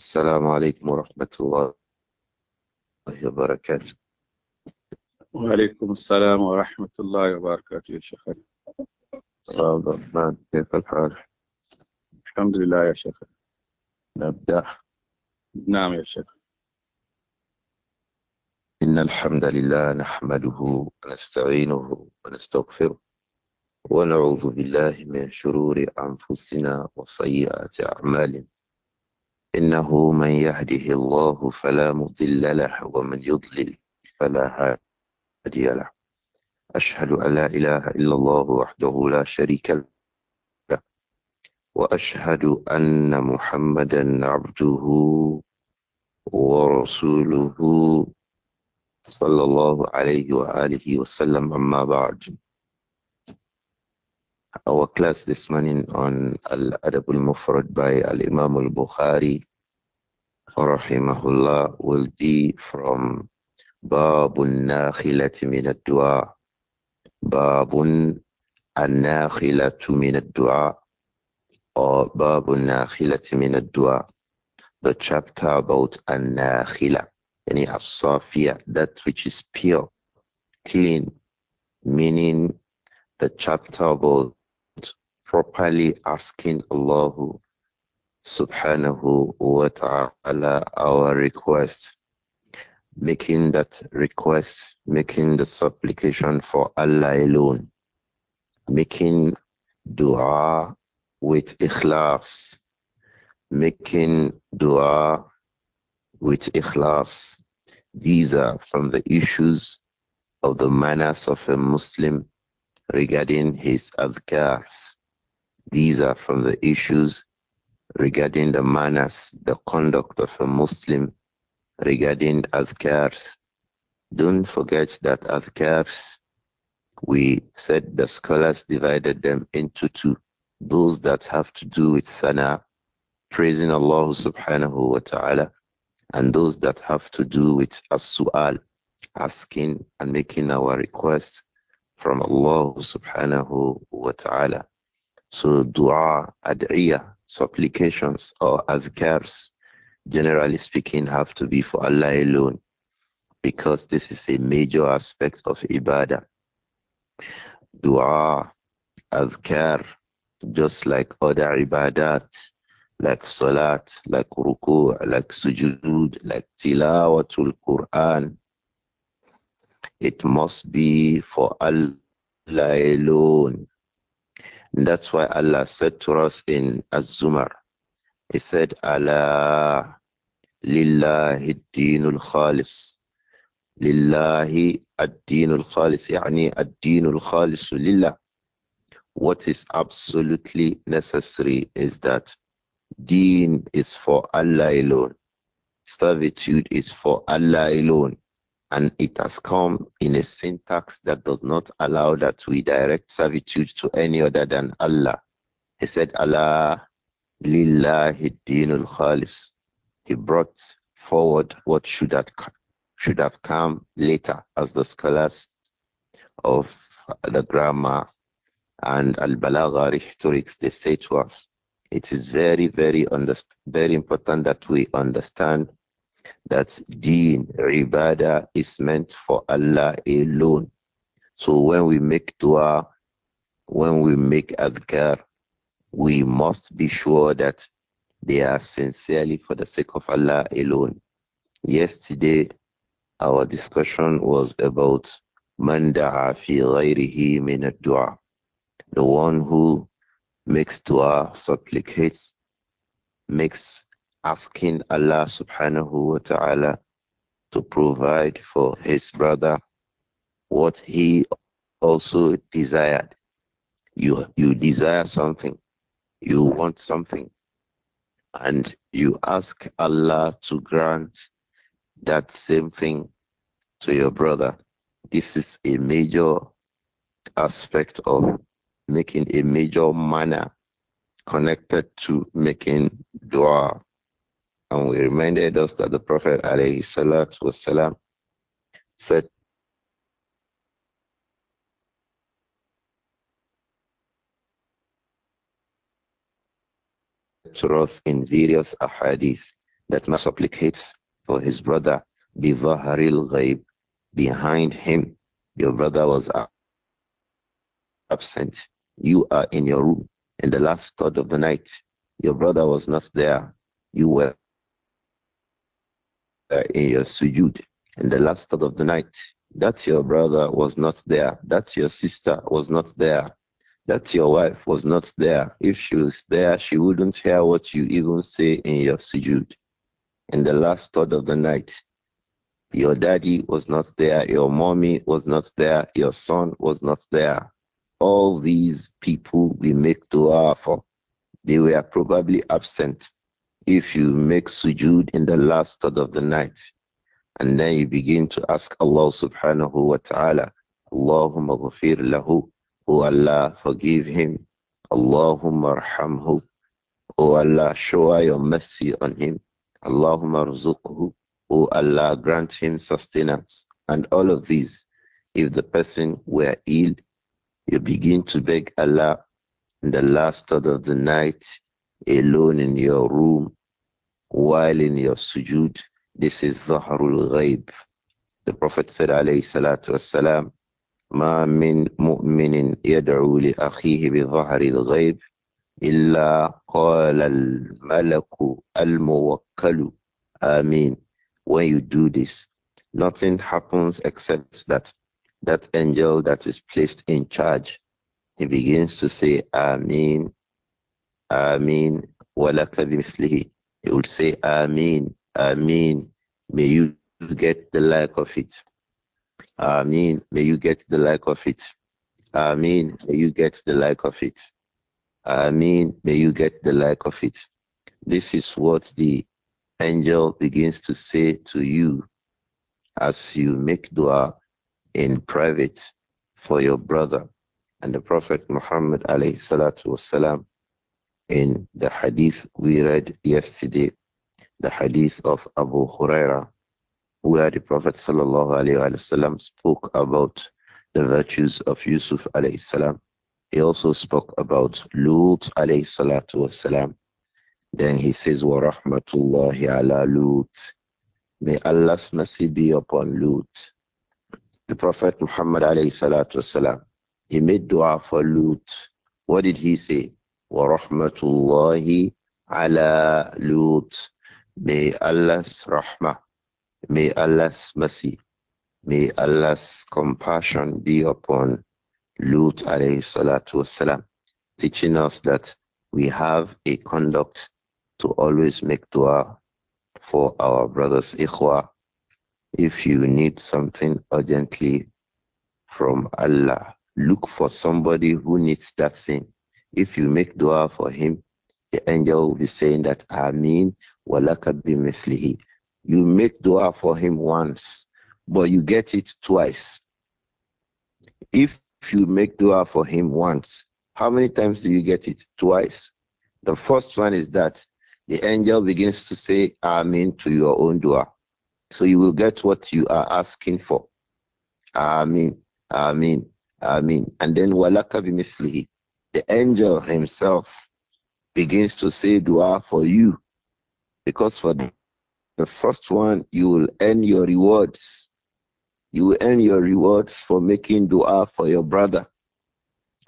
السلام عليكم ورحمة الله وبركاته وعليكم السلام ورحمة الله وبركاته يا شيخ السلام الرحمن كيف الحال؟ الحمد لله يا شيخ نبدأ نعم يا شيخ إن الحمد لله نحمده ونستعينه ونستغفره ونعوذ بالله من شرور أنفسنا وسيئات أعمالنا إنه من يهده الله فلا مضل له ومن يضلل فلا هادي له أشهد أن لا إله إلا الله وحده لا شريك له وأشهد أن محمدا عبده ورسوله صلى الله عليه وآله وسلم أما بعد our class this morning on Al Adabul Mufrad by Al Imam Al Bukhari, rahimahullah, will be from Babun Nakhilati min al Dua. Babun al nakhilatu min al Dua or Babun Nakhilati min al Dua. The chapter about Al nakhila yani As-Safiya, that which is pure, clean, meaning the chapter about properly asking Allah subhanahu wa ta'ala our request, making that request, making the supplication for Allah alone, making dua with ikhlas, making dua with ikhlas. These are from the issues of the manners of a Muslim regarding his adhkars. These are from the issues regarding the manners, the conduct of a Muslim regarding adhkars. Don't forget that adhkars, we said the scholars divided them into two. Those that have to do with sana, praising Allah subhanahu wa ta'ala, and those that have to do with as-su'al, asking and making our requests from Allah subhanahu wa ta'ala. So dua, ad'iyah, supplications or azkars, generally speaking, have to be for Allah alone because this is a major aspect of ibadah. Dua, azkar, just like other ibadat, like salat, like ruku, like sujud, like tilawatul Quran. It must be for Allah alone. And that's why Allah said to us in Az-Zumar, He said, Allah lillahi ad-dinul khalis. Lillahi ad-dinul khalis, يعني ad-dinul khalis lillah. What is absolutely necessary is that deen is for Allah alone. Servitude is for Allah alone and it has come in a syntax that does not allow that we direct servitude to any other than Allah. He said, Allah lillahi dinul khalis. He brought forward what should have, should have come later, as the scholars of the grammar and al-balagha rhetorics, they say to us, it is very, very, very important that we understand that deen, ibadah is meant for Allah alone. So when we make dua, when we make adhkar, we must be sure that they are sincerely for the sake of Allah alone. Yesterday, our discussion was about man da'a fi ghayrihi min dua the one who makes dua, supplicates, makes asking Allah subhanahu wa ta'ala to provide for his brother what he also desired. You, you desire something, you want something, and you ask Allah to grant that same thing to your brother. This is a major aspect of making a major manner connected to making dua and we reminded us that the Prophet والسلام, said to us in various ahadith that man supplicates for his brother bizaharil ghaib behind him your brother was absent you are in your room in the last third of the night your brother was not there you were uh, in your sujud in the last third of the night that your brother was not there, that your sister was not there, that your wife was not there. If she was there, she wouldn't hear what you even say in your sujud. In the last third of the night, your daddy was not there, your mommy was not there, your son was not there. All these people we make dua for, they were probably absent if you make sujood in the last third of the night, and then you begin to ask Allah subhanahu wa ta'ala, Allahumma ghafir lahu, O Allah, forgive him, Allahumma arhamhu, O Allah, show your mercy on him, Allahumma rzuqhu, O Allah, grant him sustenance, and all of these. If the person were ill, you begin to beg Allah in the last third of the night, alone in your room, while in your sujud, This is Zaharul Ghaib. The Prophet said, alayhi salatu wasalam, ما من مؤمن يدعو لأخيه بظهر الغيب إلا قال الملك الموكل آمين When you do this, nothing happens except that that angel that is placed in charge, he begins to say, Ameen, Ameen, walaka bimithlihi. They would say, "Amin, Amin. may you get the like of it. Amin. may you get the like of it. Amin. may you get the like of it. Amin. may you get the like of it. This is what the angel begins to say to you as you make dua in private for your brother. And the Prophet Muhammad wasalam in the hadith we read yesterday, the hadith of Abu Huraira, where the Prophet وسلم, spoke about the virtues of Yusuf alayhi He also spoke about Lut alayhi salatu wasalam. Then he says, Wa rahmatullahi ala Lut. May Allah's mercy be upon Lut. The Prophet Muhammad alayhi salatu wasalam, he made dua for Lut. What did he say? warahmatullahi ala Lut. May Allah's rahmah, may Allah's mercy, may Allah's compassion be upon Lut alayhi salatu wasalam, teaching us that we have a conduct to always make dua for our brothers ikhwa. If you need something urgently from Allah, look for somebody who needs that thing if you make dua for him, the angel will be saying that Amin walaka bimislihi. You make dua for him once, but you get it twice. If you make dua for him once, how many times do you get it? Twice. The first one is that the angel begins to say Amin to your own dua. So you will get what you are asking for. Amin, Amin, Amin. And then walaka bimislihi the angel himself begins to say dua for you. Because for the first one, you will earn your rewards. You will earn your rewards for making dua for your brother.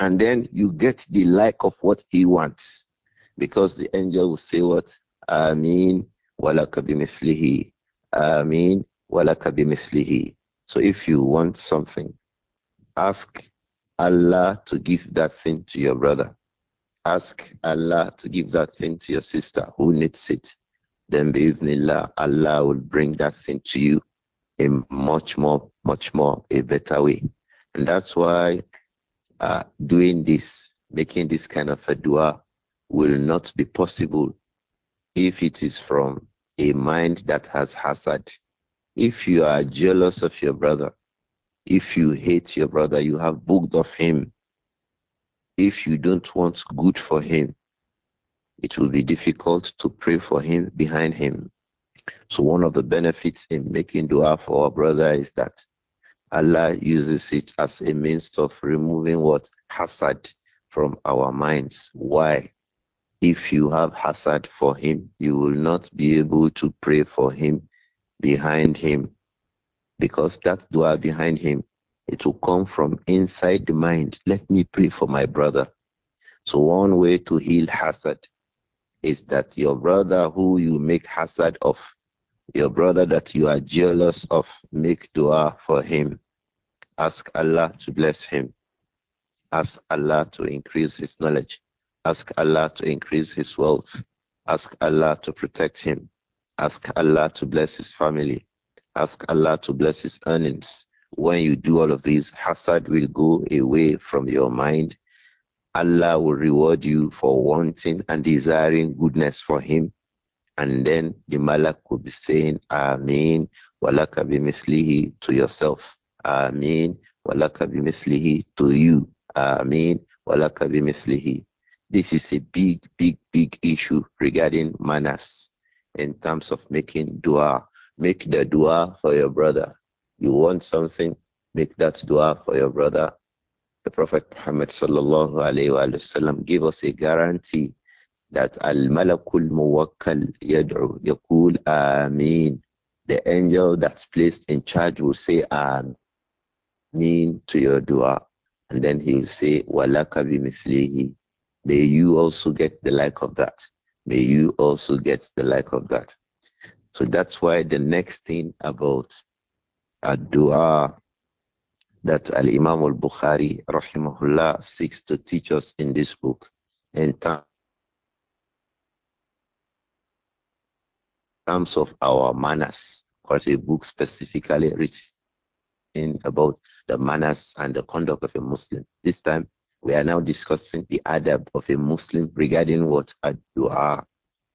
And then you get the like of what he wants. Because the angel will say what? mean walaka bimithlihi. mean walaka bimithlihi. So if you want something, ask Allah to give that thing to your brother. Ask Allah to give that thing to your sister who needs it. Then bi'ithnillah, Allah will bring that thing to you in much more, much more a better way. And that's why uh, doing this, making this kind of a dua will not be possible if it is from a mind that has hazard. If you are jealous of your brother, if you hate your brother, you have booked of him. If you don't want good for him, it will be difficult to pray for him behind him. So, one of the benefits in making dua for our brother is that Allah uses it as a means of removing what? hazard from our minds. Why? If you have hazard for him, you will not be able to pray for him behind him because that dua behind him, it will come from inside the mind. Let me pray for my brother. So one way to heal hazard is that your brother who you make hazard of, your brother that you are jealous of, make dua for him. Ask Allah to bless him. Ask Allah to increase his knowledge. Ask Allah to increase his wealth. Ask Allah to protect him. Ask Allah to bless his family. Ask Allah to bless his earnings. When you do all of these, hazard will go away from your mind. Allah will reward you for wanting and desiring goodness for him. And then the malak will be saying, Ameen, walaka bimislihi to yourself. Ameen, walaka bimislihi to you. Ameen, walaka bimislihi. This is a big, big, big issue regarding manners in terms of making dua Make the dua for your brother. You want something, make that dua for your brother. The Prophet Muhammad sallallahu alayhi wasallam gave us a guarantee that al malakul muwakkal yad'u yakul ameen. The angel that's placed in charge will say ameen to your dua. And then he will say, Walaka bimithlihi. May you also get the like of that. May you also get the like of that. So that's why the next thing about a dua that Al Imam al Bukhari rahimahullah seeks to teach us in this book in terms of our manners, because a book specifically written about the manners and the conduct of a Muslim. This time we are now discussing the adab of a Muslim regarding what ad-dua,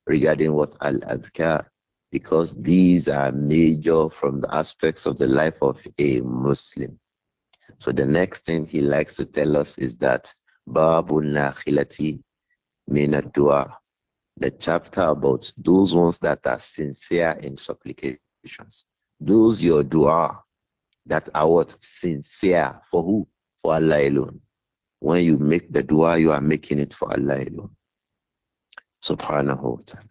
regarding what al-adhkar, because these are major from the aspects of the life of a Muslim. So the next thing he likes to tell us is that Babu Nakhilati Minadua, the chapter about those ones that are sincere in supplications. Those your dua that are what sincere for who? For Allah alone. When you make the dua, you are making it for Allah alone. Subhanahu wa ta'ala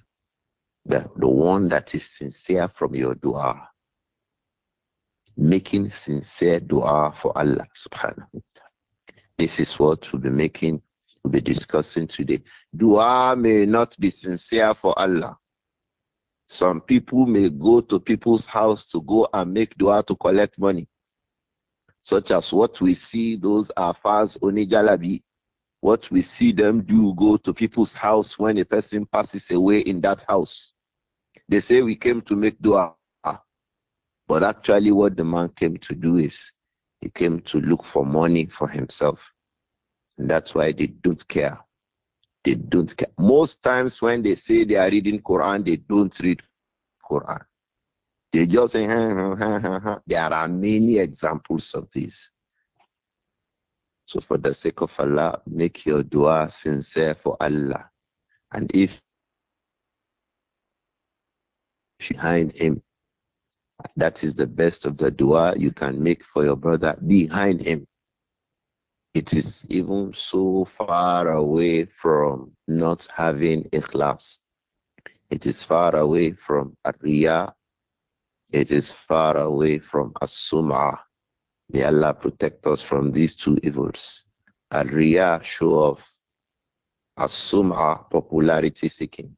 the, the one that is sincere from your dua. Making sincere dua for Allah subhanahu wa ta'ala. This is what we'll be making, we'll be discussing today. Dua may not be sincere for Allah. Some people may go to people's house to go and make dua to collect money, such as what we see those Afars Onijalabi what we see them do go to people's house when a person passes away in that house. They say we came to make dua. But actually, what the man came to do is he came to look for money for himself. And that's why they don't care. They don't care. Most times when they say they are reading Quran, they don't read Quran. They just say, ha, ha, ha, ha. there are many examples of this. So for the sake of Allah, make your dua sincere for Allah. And if behind him. That is the best of the dua you can make for your brother behind him. It is even so far away from not having ikhlas. It is far away from riya. It is far away from asuma. May Allah protect us from these two evils. Riya, show off. Asuma, popularity seeking.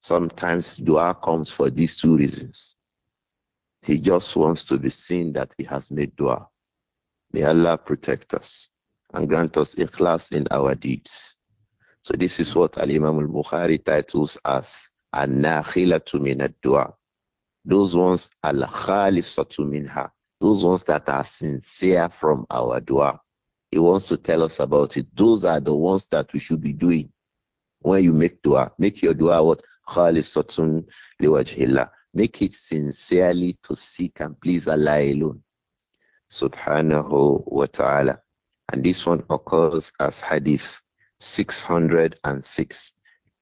Sometimes dua comes for these two reasons. He just wants to be seen that he has made dua. May Allah protect us and grant us a class in our deeds. So this is what Al Imam al Bukhari titles as an nakhilatu min dua Those ones al khalisatu minha. Those ones that are sincere from our dua. He wants to tell us about it. Those are the ones that we should be doing. When you make dua, make your dua what لوجه الله Make it sincerely to seek and please Allah alone. سبحانه wa ta'ala. And this one occurs as hadith 606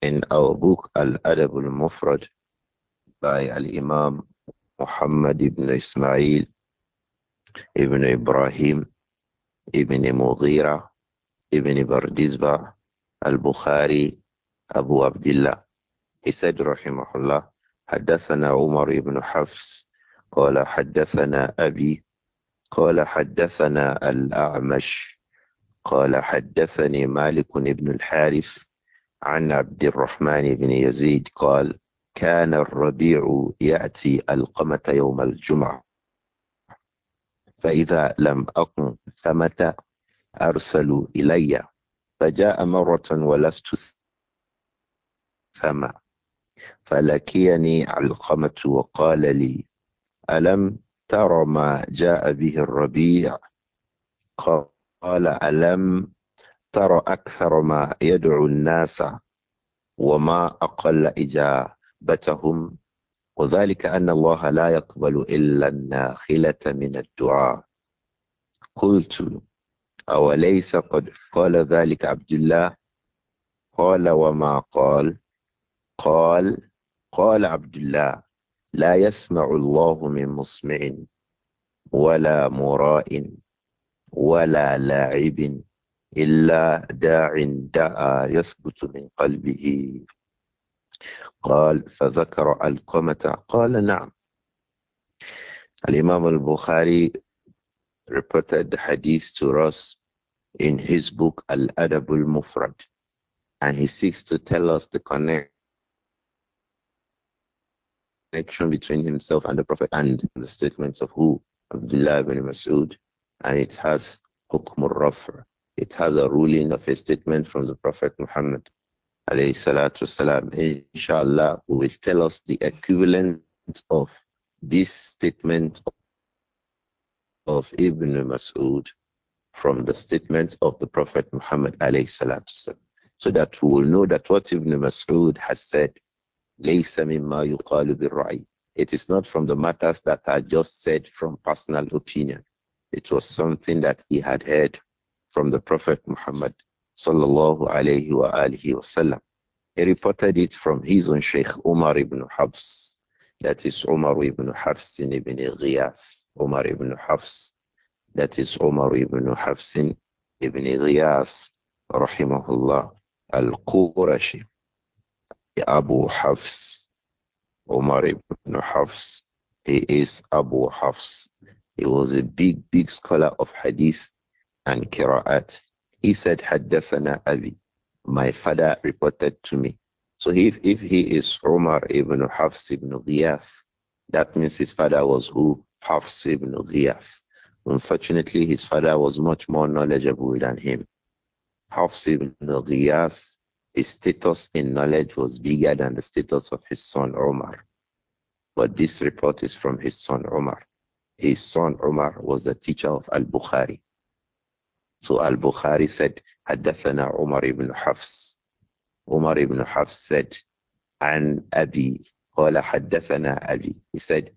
in our book Al-Adab al-Mufrad by Al-Imam Muhammad ibn Ismail ibn Ibrahim ibn Mughira ibn Bardizba al-Bukhari Abu Abdullah He رحمه الله حدثنا عمر بن حفص قال حدثنا أبي قال حدثنا الأعمش قال حدثني مالك بن الحارث عن عبد الرحمن بن يزيد قال كان الربيع يأتي القمة يوم الجمعة فإذا لم أقم ثمة أرسلوا إلي فجاء مرة ولست ثمة فلكيني علقمة وقال لي ألم ترى ما جاء به الربيع قال ألم ترى أكثر ما يدعو الناس وما أقل إجابتهم وذلك أن الله لا يقبل إلا الناخلة من الدعاء قلت أوليس قد قال ذلك عبد الله قال وما قال قال قال عبد الله لا يسمع الله من مسمع ولا مراء ولا لاعب إلا داع دعا يثبت من قلبه قال فذكر القمة قال نعم الإمام البخاري reported the hadith to us in his book Al-Adab al-Mufrad and he seeks to tell us the connection connection between himself and the Prophet and the statements of who? Abdullah ibn Masud, And it has hukm al It has a ruling of a statement from the Prophet Muhammad. Wasalam. Inshallah, who will tell us the equivalent of this statement of Ibn Masud from the statement of the Prophet Muhammad. So that we will know that what Ibn Masud has said it is not from the matters that are just said from personal opinion. It was something that he had heard from the Prophet Muhammad sallallahu alayhi wa sallam. He reported it from his own Sheikh Umar ibn Hafs. That is Umar ibn Hafs ibn Ghiyath. Umar ibn Hafs. That is Umar ibn Hafs ibn Ghiyath rahimahullah al-Qurashi. Abu Hafs, Omar ibn Hafs. He is Abu Hafs. He was a big, big scholar of hadith and qira'at. He said, Haddathana Abi. My father reported to me. So if, if he is Omar ibn Hafs ibn Ghiyas, that means his father was who? Hafs ibn Ghiyas. Unfortunately, his father was much more knowledgeable than him. Hafs ibn Ghiyas his status in knowledge was bigger than the status of his son Omar. But this report is from his son Omar. His son Omar was the teacher of Al Bukhari. So Al Bukhari said, Haddathana Omar ibn Hafs. Omar ibn Hafs said, An Abi, Qala Haddathana Abi. He said,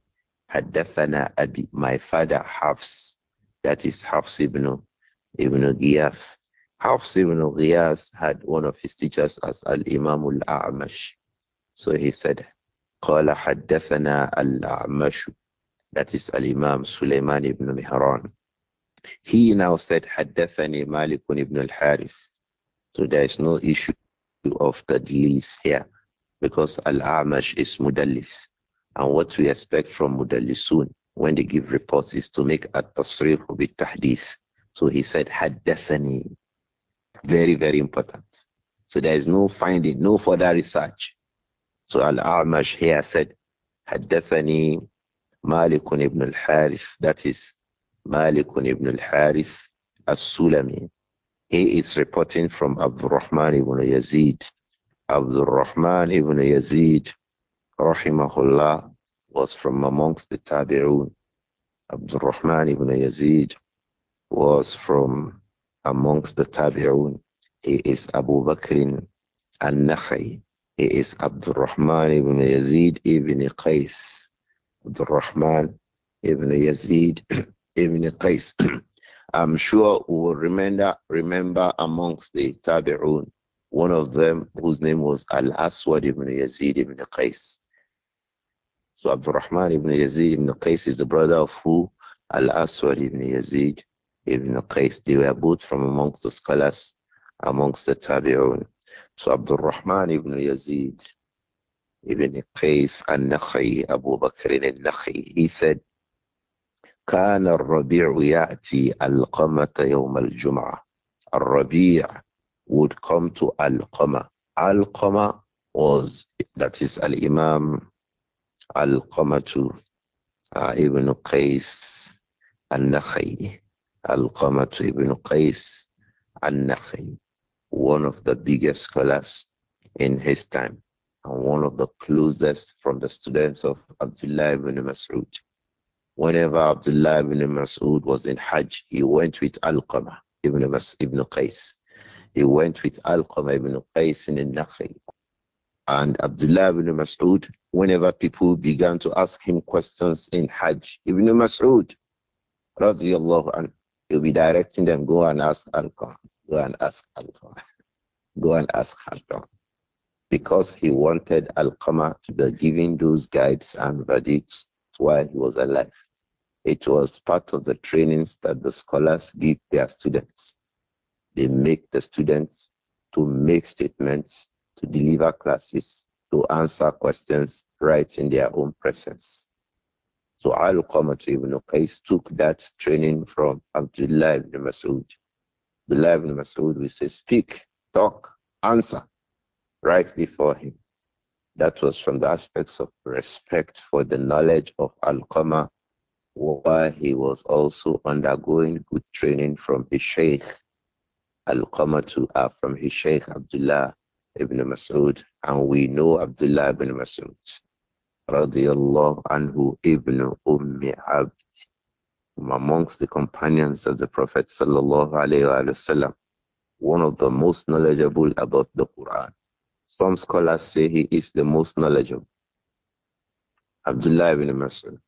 Haddathana Abi, my father Hafs, that is Hafs ibn, ibn Giyaf, Hafs ibn Ghiyas had one of his teachers as Al Imam Al A'mash. So he said, قال al-A'mash." That that is Al Imam Sulaiman ibn Mihran. He now said حدثني Malik ibn al Harith. So there is no issue of the tadlis here because Al A'mash is mudallis. And what we expect from mudallisun when they give reports is to make a tasrih with tahdith. So he said, Haddathani. Very, very important. So there is no finding, no further research. So Al-Amash here said, حدثني Malikun ibn al-Harith, Haris. is Malikun ibn al Haris as-Sulami. He is reporting from Abdul Rahman ibn Yazid. Abdul Rahman ibn Yazid, rahimahullah, was from amongst the Tabi'un. Abdul Rahman ibn Yazid was from amongst the Tabi'un. He is Abu Bakr al-Nakhi. He is Abdul Rahman ibn Yazid ibn Qais. Abdul Rahman ibn Yazid ibn Qais. I'm sure we will remember, remember amongst the Tabi'un, one of them whose name was Al-Aswad ibn Yazid ibn Qais. So Abdul Rahman ibn Yazid ibn Qais is the brother of who? Al-Aswad ibn Yazid Ibn Qais. They were both from amongst the scholars amongst the Tabi'un. So Abdul Rahman ibn Yazid ibn Qais al-Nakhi, Abu Bakr al-Nakhi, he said, كان الربيع يأتي القمة يوم الجمعة. الربيع would come to Al-Qama. Al-Qama was, that is Al-Imam Al-Qamatu uh, Ibn Qais Al-Nakhi. Al-Qamat ibn Qais al-Nakhi, one of the biggest scholars in his time and one of the closest from the students of Abdullah ibn Mas'ud. Whenever Abdullah ibn Mas'ud was in Hajj, he went with Al-Qamah ibn, Mas ibn Qais. He went with Al-Qamah ibn Qais in Nakhi. And Abdullah ibn Mas'ud, whenever people began to ask him questions in Hajj, Ibn Mas'ud, radiallahu He'll be directing them, go and ask Alcon, go and ask Alcon, go and ask Alcon. Because he wanted Alcoma to be giving those guides and verdicts while he was alive. It was part of the trainings that the scholars give their students. They make the students to make statements, to deliver classes, to answer questions right in their own presence. So Al-Qamat ibn Qais took that training from Abdullah ibn Mas'ud. Abdullah ibn Mas'ud we say, speak, talk, answer right before him. That was from the aspects of respect for the knowledge of Al-Qamah while he was also undergoing good training from his Sheikh al to uh, from his Sheikh Abdullah ibn Mas'ud and we know Abdullah ibn Mas'ud radiallahu anhu ibn Umm Abd amongst the companions of the Prophet sallallahu alayhi wasallam, one of the most knowledgeable about the Quran. Some scholars say he is the most knowledgeable. Abdullah ibn Mas'ud.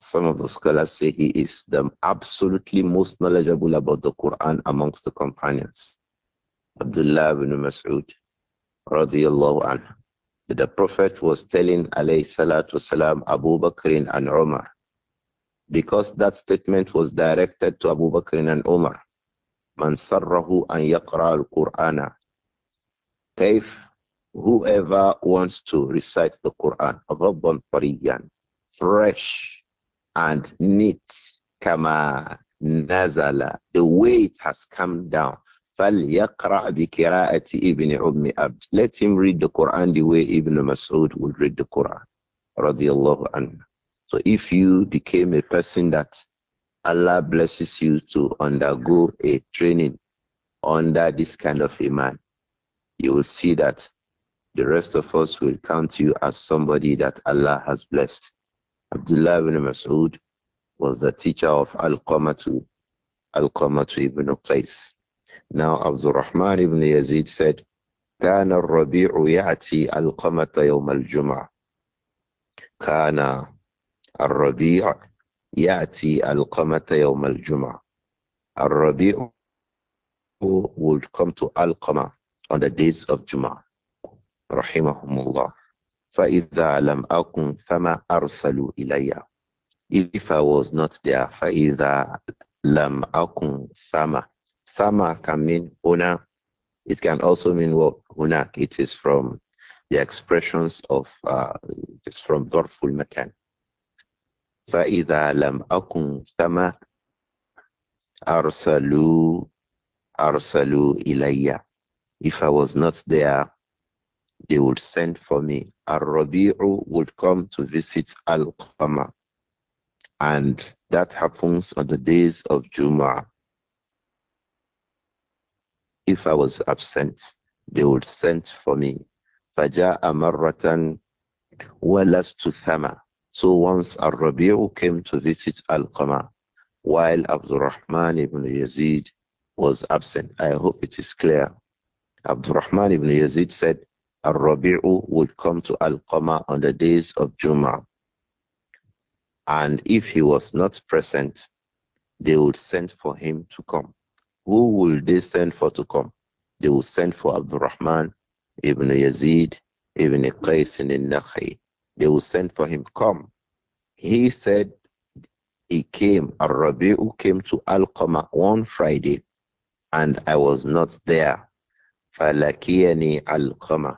Some of the scholars say he is the absolutely most knowledgeable about the Quran amongst the companions. Abdullah ibn Mas'ud radiallahu anhu the Prophet was telling alayhi salatu salam Abu Bakr and Umar. Because that statement was directed to Abu Bakr and Umar. Man sarrahu an yaqra al-Qur'ana. كيف whoever wants to recite the Qur'an, rabban tariyan, fresh and neat, kama nazala, the way it has come down. بِكِرَاءَةِ إِبْنِ Let him read the Quran the way Ibn Mas'ud would read the Quran. Radiallahu anhu. So if you became a person that Allah blesses you to undergo a training under this kind of a man, you will see that the rest of us will count you as somebody that Allah has blessed. Abdullah ibn Mas'ud was the teacher of Al-Qamatu, Al-Qamatu ibn Qais. Now Abdul Rahman ibn Yazid said, "Kana al-Rabi'u yati al-Qamata yom al-Jum'a." Kana al-Rabi'u yati al-Qamata yom al-Jum'a. al come to al-Qama on the days of Jum'a. Rahimahumullah. فَإِذَا لَمْ أَكُنْ فَمَا أَرْسَلُوا إِلَيَّ If I was not there, فَإِذَا لَمْ أَكُنْ فَمَا Sama can mean owner. It can also mean what It is from the expressions of uh, it's from Dorful Makan. فإذا لم أكن ثم أرسلوا أرسلوا إلي If I was not there, they would send for me. A rabiu would come to visit Al-Qama. And that happens on the days of Jum'ah. If I was absent, they would send for me. Faja'a marratan walastu thama. So once Al-Rabi'u came to visit Al-Qama while Abdurrahman ibn Yazid was absent. I hope it is clear. Abdurrahman ibn Yazid said Al-Rabi'u would come to Al-Qama on the days of Jum'ah. And if he was not present, they would send for him to come. Who will they send for to come? They will send for Abdurrahman ibn Yazid ibn Qais al Nakhi. They will send for him, come. He said he came, Al-Rabi'u came to Al-Qama one Friday and I was not there. Falakiyani Al-Qama.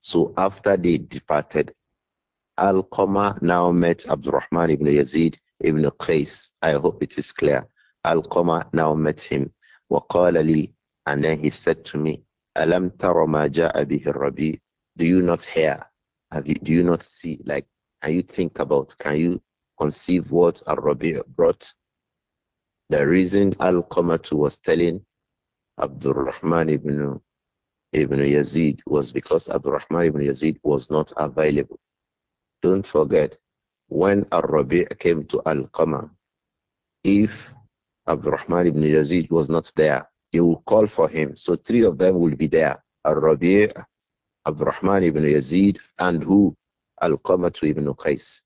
So after they departed, Al-Qama now met Abdurrahman ibn Yazid ibn Qais. I hope it is clear. Al-Qama now met him. وَقَالَ لِي And then he said to me, أَلَمْ تَرَ مَا جَاءَ بِهِ الرَّبِيعُ Do you not hear? Have you, do you not see? Like, can you think about, can you conceive what a rabi brought? The reason Al-Qamatu was telling Abdul Rahman ibn, ibn Yazid was because Abdul Rahman ibn Yazid was not available. Don't forget, when a rabi came to Al-Qama, if Abdurrahman ibn Yazid was not there. He will call for him. So three of them will be there. Al-Rabi' Abdurrahman ibn Yazid and who? Al-Qamatu ibn Qais.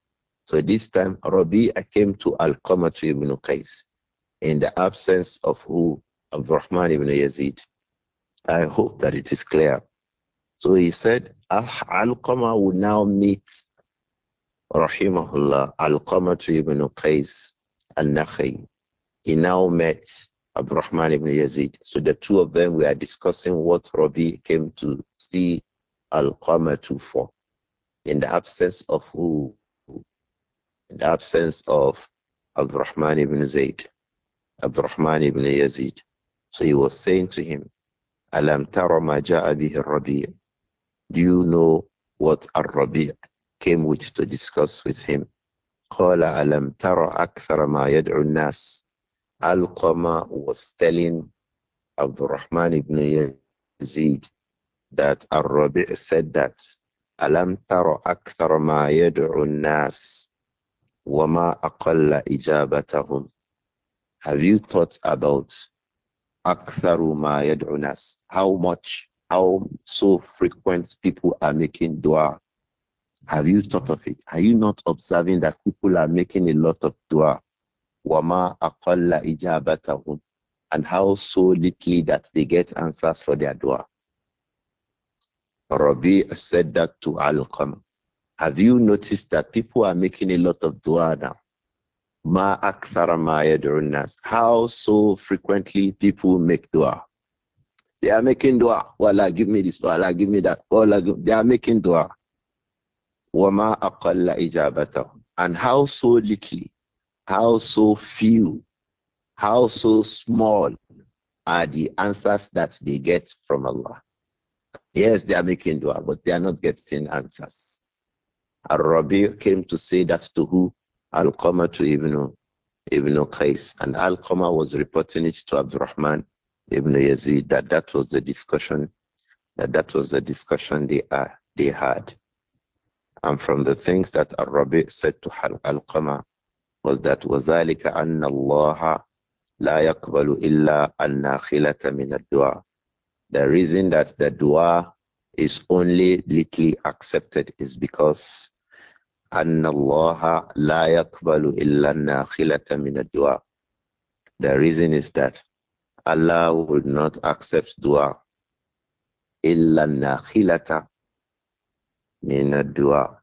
So this time Rabi'a came to Al-Qamatu ibn Qais in the absence of who? Abdurrahman ibn Yazid. I hope that it is clear. So he said, Al-Qama will now meet Rahimahullah Al-Qamatu ibn Qais al-Nakhi he now met Abdurrahman ibn Yazid. So the two of them were discussing what Rabi came to see Al-Qamatu for. In the absence of who? In the absence of Abdurrahman ibn Zayd, Abdurrahman ibn Yazid. So he was saying to him, Alam tara ma ja'a bihi rabi Do you know what al rabi came with to discuss with him? قال ألم ترى أكثر ما يدعو الناس Al-Qama was telling Abdurrahman ibn Yazid that al rabi said that أَلَمْ تَرَ أَكْثَرَ مَا يَدْعُ النَّاسِ وَمَا أَقَلَّ إِجَابَتَهُمْ Have you thought about أَكْثَرُ مَا يَدْعُ النَّاسِ How much, how so frequent people are making dua? Have you thought of it? Are you not observing that people are making a lot of dua? wama aqalla ijabatahum and how so little that they get answers for their dua. Rabi said that to Al-Qam. Have you noticed that people are making a lot of dua now? Ma akthara ma yad'unnas. How so frequently people make dua. They are making dua. Wallah, give me this. Wallah, give me that. Wallah, they are making dua. Wama aqalla ijabatahum. And how so little how so few, how so small are the answers that they get from Allah? Yes, they are making dua, but they are not getting answers. Al Rabi came to say that to who? Al Qama to Ibn, Ibn Qais. And Al Qama was reporting it to Abdurrahman Ibn Yazid that that was the discussion, that that was the discussion they, uh, they had. And from the things that Al Rabi said to Al Qama was that وَذَلِكَ أَنَّ اللَّهَ لَا يَقْبَلُ إِلَّا النَّاخِلَةَ مِنَ الدُّعَى The reason that the dua is only little accepted is because أَنَّ اللَّهَ لَا يَقْبَلُ إِلَّا النَّاخِلَةَ مِنَ الدُّعَى The reason is that Allah will not accept dua إِلَّا النَّاخِلَةَ مِنَ الدُّعَى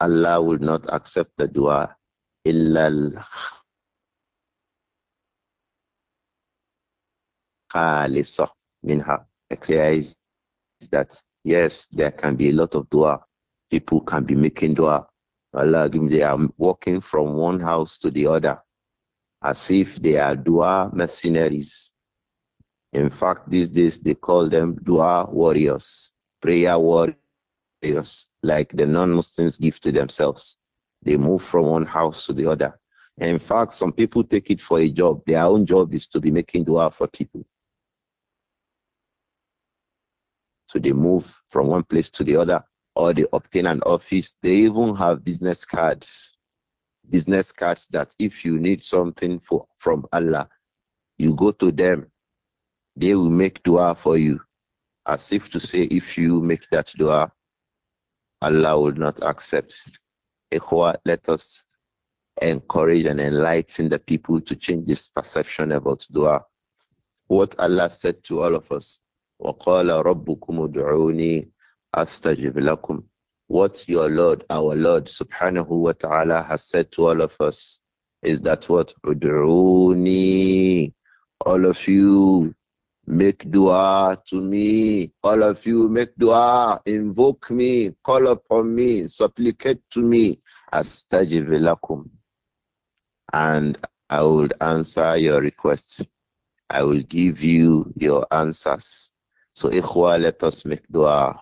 Allah will not accept the dua إلا Is that yes, there can be a lot of dua. People can be making dua. Allah they are walking from one house to the other as if they are dua mercenaries. In fact, these days they call them dua warriors, prayer warriors, like the non Muslims give to themselves. They move from one house to the other. in fact, some people take it for a job. Their own job is to be making dua for people. So they move from one place to the other, or they obtain an office. They even have business cards. Business cards that if you need something for, from Allah, you go to them. They will make dua for you. As if to say, if you make that dua, Allah will not accept Ikhwa, let us encourage and enlighten the people to change this perception about dua. What Allah said to all of us, وَقَالَ رَبُّكُمُ دُعُونِي أَسْتَجِبْ لَكُمْ What your Lord, our Lord, subhanahu wa ta'ala, has said to all of us is that what? all of you, Make dua to me. All of you, make dua. Invoke me. Call upon me. Supplicate to me. Astajib lakum. And I will answer your requests. I will give you your answers. So, ikhwa, let us make dua.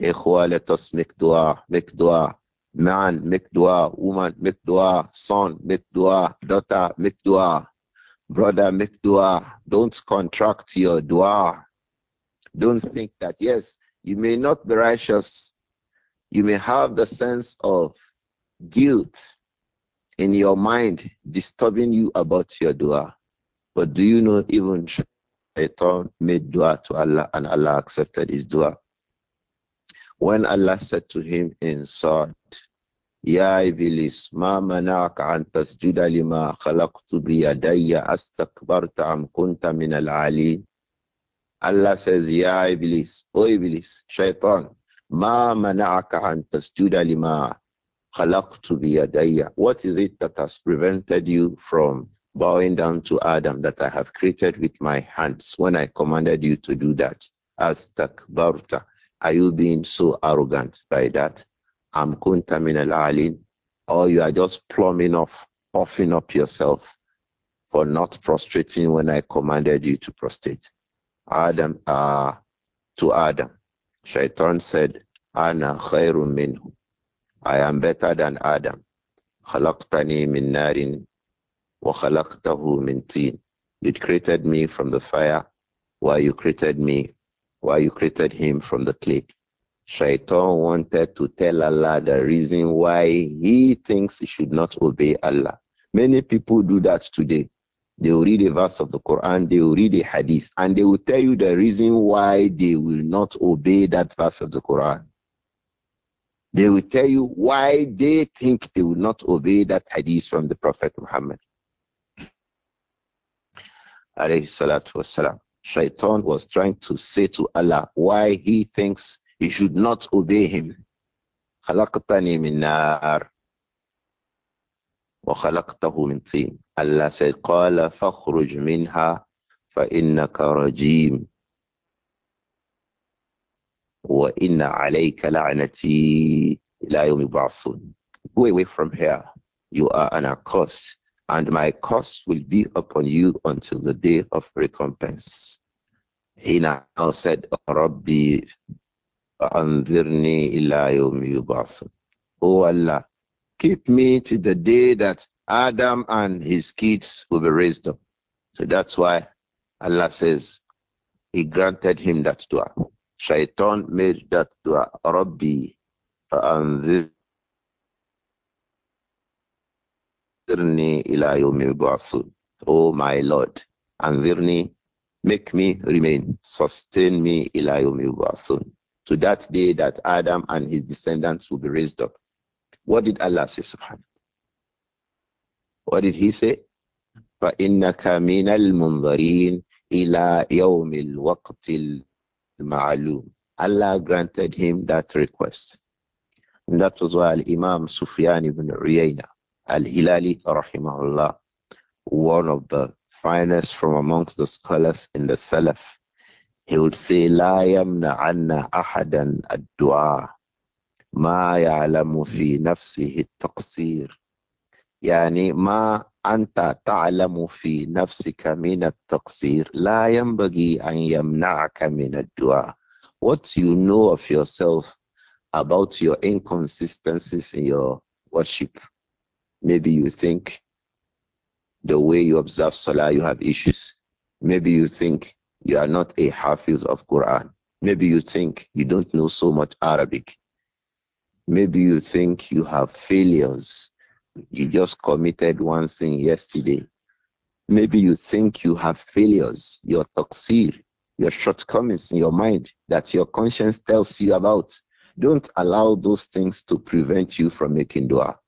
Ikhwa, let us make dua. Make dua. Man, make dua. Woman, make dua. Son, make dua. Daughter, make dua. Brother, make dua. Don't contract your dua. Don't think that, yes, you may not be righteous. You may have the sense of guilt in your mind disturbing you about your dua. But do you know even Shaitan made dua to Allah and Allah accepted his dua? When Allah said to him in Surah يا إبليس ما منعك أن تسجد لما خلقت بيدي أستكبرت أم كنت من العالين Allah says يا إبليس أو إبليس شيطان ما منعك أن تسجد لما خلقت بيدي What is it that has prevented you from bowing down to Adam that I have created with my hands when I commanded you to do that? Astakbarta. Are you being so arrogant by that? I am kunta min Arlin, or you are just plumbing off, puffing up yourself for not prostrating when I commanded you to prostrate. Adam, uh, to Adam, Shaitan said, Ana khairun minhu. I am better than Adam. خلقتني من wa وخلقته min طين. You created me from the fire, while you created me, while you created him from the clay. Shaitan wanted to tell Allah the reason why he thinks he should not obey Allah. Many people do that today. They will read a verse of the Quran, they will read a hadith, and they will tell you the reason why they will not obey that verse of the Quran. They will tell you why they think they will not obey that hadith from the Prophet Muhammad. Shaitan was trying to say to Allah why he thinks you should not obey him. خلقتني من نار وخلقته من طين. Allah said, قال فاخرج منها فإنك رجيم. وإن عليك لعنتي إلى يوم يبعثون. Go away from here. You are an accursed, and my curse will be upon you until the day of recompense. He now said, Rabbi anzirni ila Oh Allah, keep me to the day that Adam and his kids will be raised up. So that's why Allah says He granted him that dua. Shaitan made that dua. Rabbi, anzirni ila Oh my Lord, anzirni, make me remain, sustain me ila yawmi to that day that Adam and his descendants will be raised up. What did Allah say, subhanahu? What did he say? فَإِنَّكَ مِنَ الْمُنظَرِينَ إِلَى يَوْمِ الْوَقْتِ الْمَعْلُومِ Allah granted him that request. And that was why Imam Sufyan ibn Uyayna al-Hilali rahimahullah, one of the finest from amongst the scholars in the Salaf, he would say, La yamna anna ahadan ad-du'a ma ya'lamu fi nafsihi taqsir يعني ما أنت تعلم في نفسك من التقصير لا ينبغي أن يمنعك من الدعاء what you know of yourself about your inconsistencies in your worship maybe you think the way you observe salah you have issues maybe you think you are not a hafiz of Quran. Maybe you think you don't know so much Arabic. Maybe you think you have failures. You just committed one thing yesterday. Maybe you think you have failures, your taqsir, your shortcomings in your mind that your conscience tells you about. Don't allow those things to prevent you from making dua.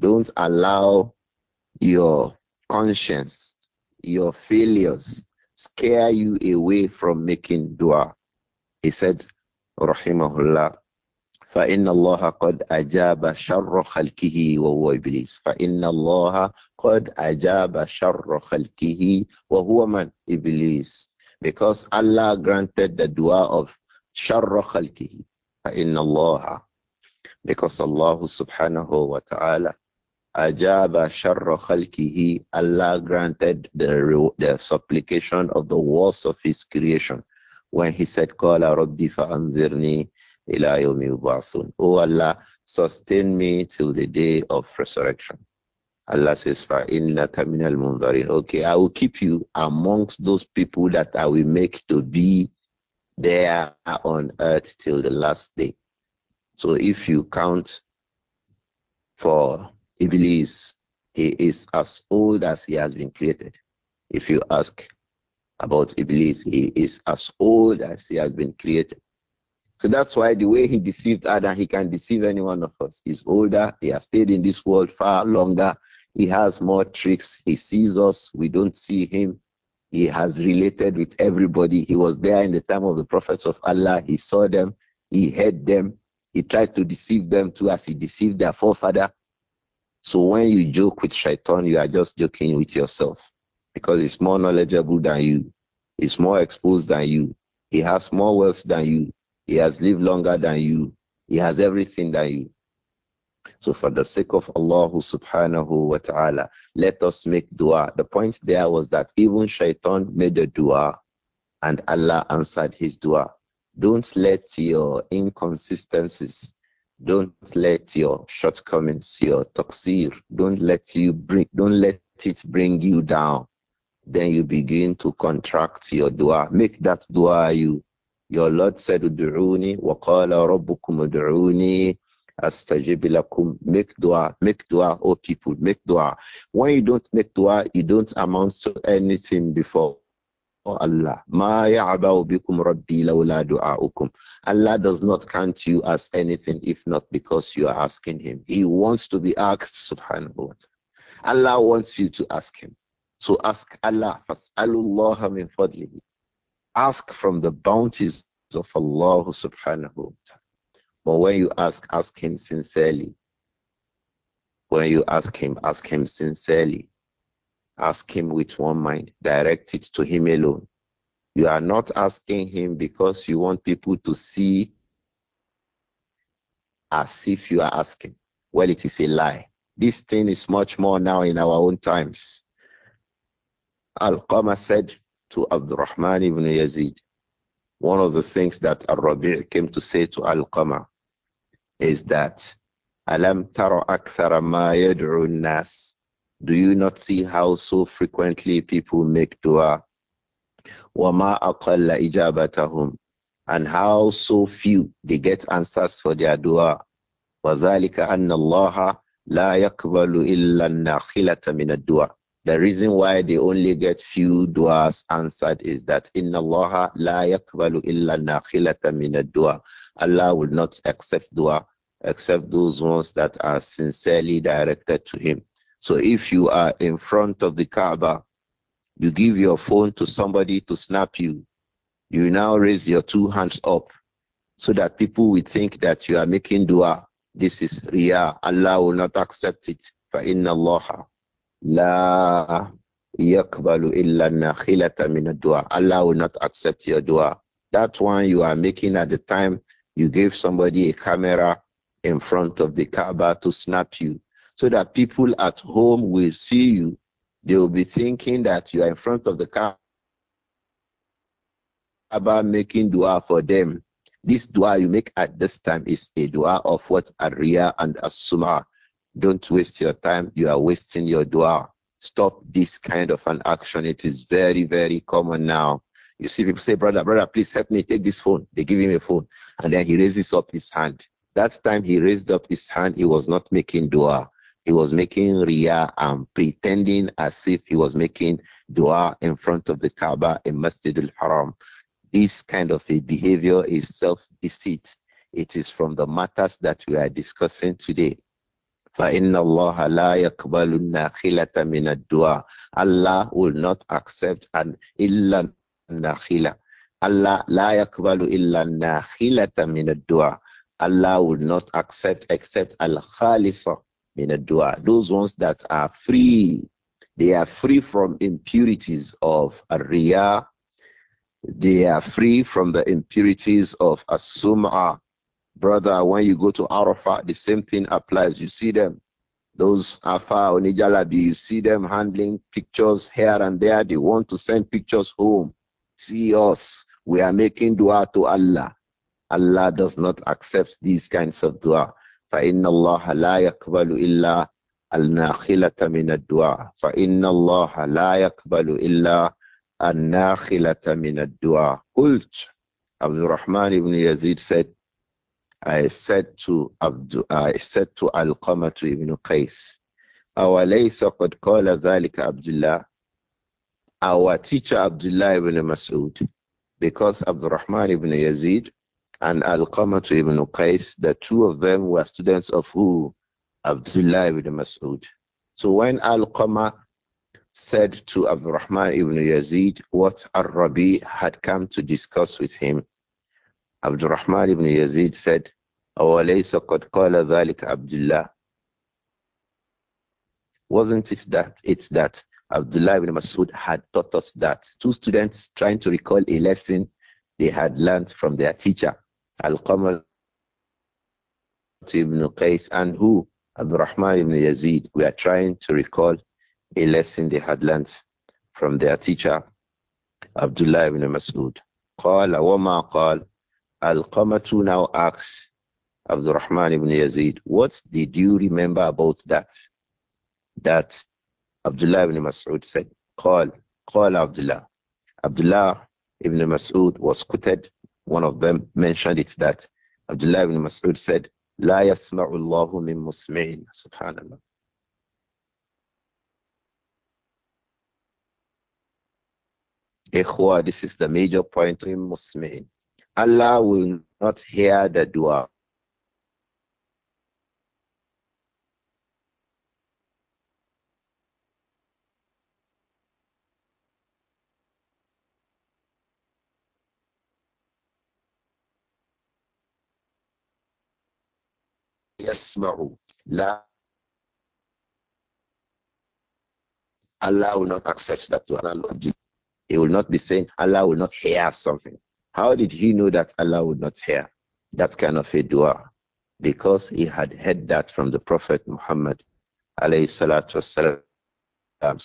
Don't allow your conscience, your failures, scare you away from making dua. He said, Rahimahullah, فإن الله قد أجاب شر خلقه وهو إبليس فإن الله قد أجاب شر خلقه وهو من إبليس because Allah granted the dua of شر خلقه فإن الله because Allah subhanahu wa ta'ala Ajaba al khalqihi, Allah granted the, the supplication of the worst of his creation. When he said, Qala rabbi fa'anzirni ila yawmi yub'athun. Oh Allah, sustain me till the day of resurrection. Allah says, فَإِنَّكَ مِنَ الْمُنْظَرِينَ Okay, I will keep you amongst those people that I will make to be there on earth till the last day. So if you count for Iblis, he is as old as he has been created. If you ask about Iblis, he is as old as he has been created. So that's why the way he deceived Adam, he can deceive any one of us. He's older, he has stayed in this world far longer, he has more tricks, he sees us, we don't see him. He has related with everybody. He was there in the time of the prophets of Allah. He saw them, he heard them, he tried to deceive them too, as he deceived their forefather. So when you joke with shaitan, you are just joking with yourself because he's more knowledgeable than you, he's more exposed than you, he has more wealth than you, he has lived longer than you, he has everything than you. So for the sake of Allah subhanahu wa ta'ala, let us make dua. The point there was that even shaitan made a dua and Allah answered his dua. Don't let your inconsistencies don't let your shortcomings, your taqsir, don't let you bring, don't let it bring you down. Then you begin to contract your dua. Make that dua you. Your Lord said, "Du'uni wa qala rabbukum du'uni astajib lakum." Make dua, make dua, O people, make dua. When you don't make dua, you don't amount to anything before for Allah. Ma ya'ba'u bikum rabbi lawla du'a'ukum. Allah does not count you as anything if not because you are asking him. He wants to be asked, subhanahu wa ta'ala. Allah wants you to ask him. So ask Allah, fas'alullaha min fadlihi. Ask from the bounties of Allah subhanahu wa ta'ala. But when you ask, ask him sincerely. When you ask him, ask him sincerely. Ask Him with one mind, direct it to Him alone. You are not asking Him because you want people to see as if you are asking. Well, it is a lie. This thing is much more now in our own times. Al Qama said to Abdurrahman ibn Yazid, one of the things that Al Rabi' came to say to Al Qama is that Alam taro akthara ma yad'u nas do you not see how so frequently people make dua? وَمَا أَقَلَّ إِجَابَتَهُمْ And how so few they get answers for their dua. وَذَلِكَ أَنَّ اللَّهَ لَا يَقْبَلُ إِلَّا النَّاخِلَةَ مِنَ الدُّعَى The reason why they only get few du'as answered is that إِنَّ اللَّهَ لَا يَقْبَلُ إِلَّا النَّاخِلَةَ مِنَ الدُّعَى Allah will not accept dua except those ones that are sincerely directed to Him. So if you are in front of the Kaaba, you give your phone to somebody to snap you. You now raise your two hands up so that people will think that you are making dua. This is Riyah. Allah will not accept it. فَإِنَّ اللَّهَ لَا يَقْبَلُ إِلَّا النَّخِلَةَ مِنَ الدُّعَى Allah will not accept your dua. That one you are making at the time you gave somebody a camera in front of the Kaaba to snap you so that people at home will see you. They will be thinking that you are in front of the car about making dua for them. This dua you make at this time is a dua of what Arya and Asuma. Don't waste your time. You are wasting your dua. Stop this kind of an action. It is very, very common now. You see people say, brother, brother, please help me take this phone. They give him a phone. And then he raises up his hand. That time he raised up his hand, he was not making dua. He was making riyah and um, pretending as if he was making dua in front of the Kaaba in Masjid al-Haram. This kind of a behavior is self-deceit. It is from the matters that we are discussing today. فَإِنَّ اللَّهَ لَا يَقْبَلُ النَّاخِلَةَ مِنَ الدُّعَى Allah will not accept an illa nakhila. Allah لا illa إلا min Allah will not accept except al-khalisa, minadua. Those ones that are free, they are free from impurities of arriya. They are free from the impurities of asuma. Brother, when you go to Arafat, the same thing applies. You see them. Those Afa Onijalabi, you see them handling pictures here and there. They want to send pictures home. See us. We are making dua to Allah. Allah does not accept these kinds of dua. فإن الله لا يقبل إلا الناخلة من الدعاء فإن الله لا يقبل إلا الناخلة من الدعاء قلت عبد الرحمن بن يزيد said I said to Abdu, I said to Al-Qamatu ibn Qais أوليس قد قال ذلك عبد الله our teacher Abdullah ibn Mas'ud because Abdurrahman ibn Yazid and Al-Qamah to Ibn Qais, the two of them were students of who? Abdullah ibn Mas'ud. So when Al-Qamah said to Abdurrahman ibn Yazid what Ar-Rabi had come to discuss with him, Abdurrahman ibn Yazid said, أَوَلَيْسَ قَدْ قَالَ Abdullah. عَبْدُ Wasn't it that? It's that. Abdullah ibn Masud had taught us that. Two students trying to recall a lesson they had learned from their teacher. Al-Qamah ibn Qais and who? Rahman ibn Yazid. We are trying to recall a lesson they had learnt from their teacher, Abdullah ibn Mas'ud. قال وما قال Al-Qamatu now asks Rahman ibn Yazid, what did you remember about that? That Abdullah ibn Mas'ud said, call, call Abdullah. Abdullah ibn Mas'ud was quoted one of them mentioned it that Abdullah ibn Mas'ud said, La yasma'u Allahu min musmi'in. Subhanallah. Ikhwa, this is the major point in Muslim. Allah will not hear the dua Yes, لَا Allah will not accept that to Allah. He will not be saying Allah will not hear something. How did he know that Allah would not hear that kind of a dua? Because he had heard that from the Prophet Muhammad.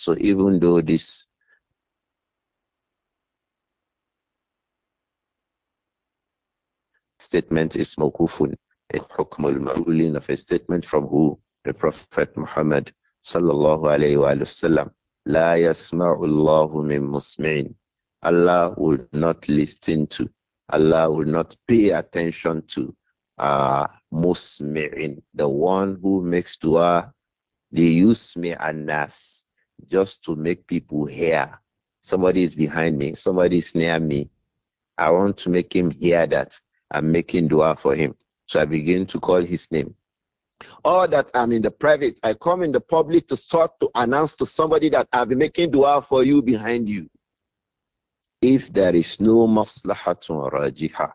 So even though this statement is mawkufun, الحكم of a statement from who? The Prophet Muhammad sallallahu alayhi wasallam. sallam. لا يسمع الله من مسمعين. Allah will not listen to. Allah will not pay attention to uh, musmi'in, the one who makes dua, the yusmi anas, just to make people hear. Somebody is behind me, somebody is near me. I want to make him hear that I'm making dua for him. So I begin to call his name. Or that I'm in the private, I come in the public to start to announce to somebody that I'll be making dua for you behind you. If there is no maslahatun rajiha,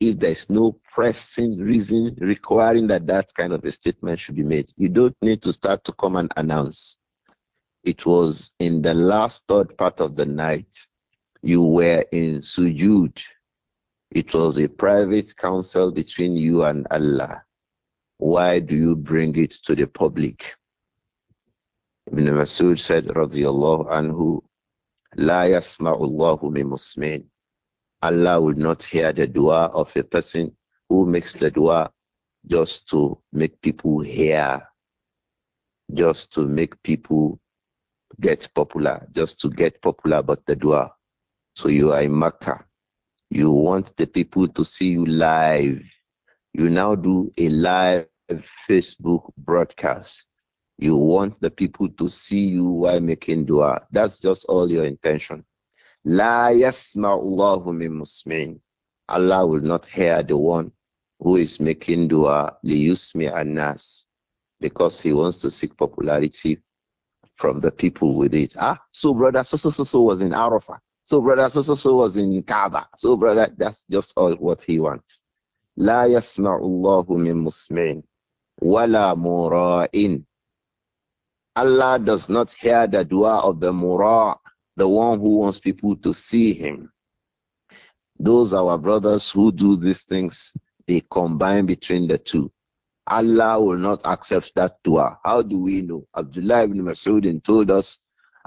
if there is no pressing reason requiring that that kind of a statement should be made, you don't need to start to come and announce. It was in the last third part of the night. You were in sujud. It was a private counsel between you and Allah. Why do you bring it to the public? Ibn Masud said, radiyallahu anhu, La yasma'u Allahu min musmin. Allah will not hear the dua of a person who makes the dua just to make people hear, just to make people get popular, just to get popular about the dua. So you are in Makkah you want the people to see you live. You now do a live Facebook broadcast. You want the people to see you while making dua. That's just all your intention. La yasma'ullahu min musmin. Allah will not hear the one who is making dua li anas because he wants to seek popularity from the people with it. Ah, so brother so so so so was in Arafah. So brother so so so was in Kaaba. So brother, that's just all what he wants. لا يسمع الله من مسمع ولا مراء Allah does not hear the dua of the mura, the one who wants people to see him. Those our brothers who do these things, they combine between the two. Allah will not accept that dua. How do we know? Abdullah ibn Mas'ud told us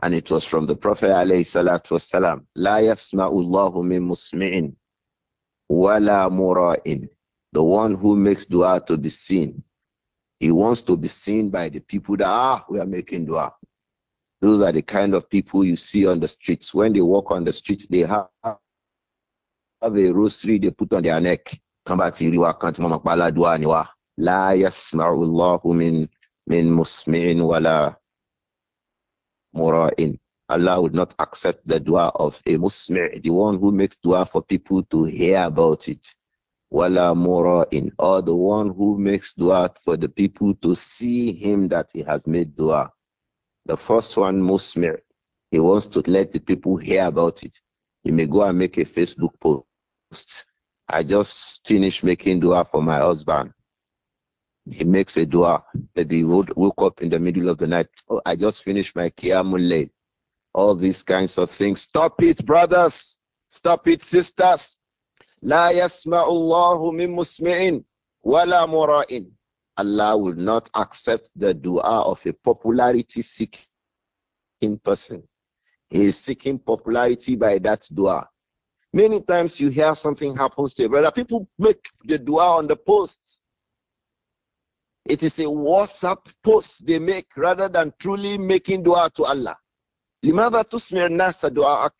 and it was from the Prophet alayhi salatu wasalam, La yasma'ullahu min musmi'in wala mura'in. The one who makes dua to be seen. He wants to be seen by the people that, ah, we are making dua. Those are the kind of people you see on the streets. When they walk on the streets, they have, have a rosary they put on their neck. Come back to Iriwa, can't mama dua niwa. La yasma'ullahu min, min musmi'in wala in Allah would not accept the dua of a Muslim, the one who makes dua for people to hear about it. Wala in or the one who makes dua for the people to see him that he has made dua. The first one, musmi', he wants to let the people hear about it. He may go and make a Facebook post. I just finished making dua for my husband he makes a dua that he would woke up in the middle of the night. Oh, I just finished my Qiyamul All these kinds of things. Stop it, brothers. Stop it, sisters. La yasma'ullahu min musmi'in wala mura'in. Allah will not accept the dua of a popularity seeking person. He is seeking popularity by that dua. Many times you hear something happens to a brother. People make the dua on the posts it is a WhatsApp post they make rather than truly making dua to Allah. لماذا تسمع الناس دعاءك?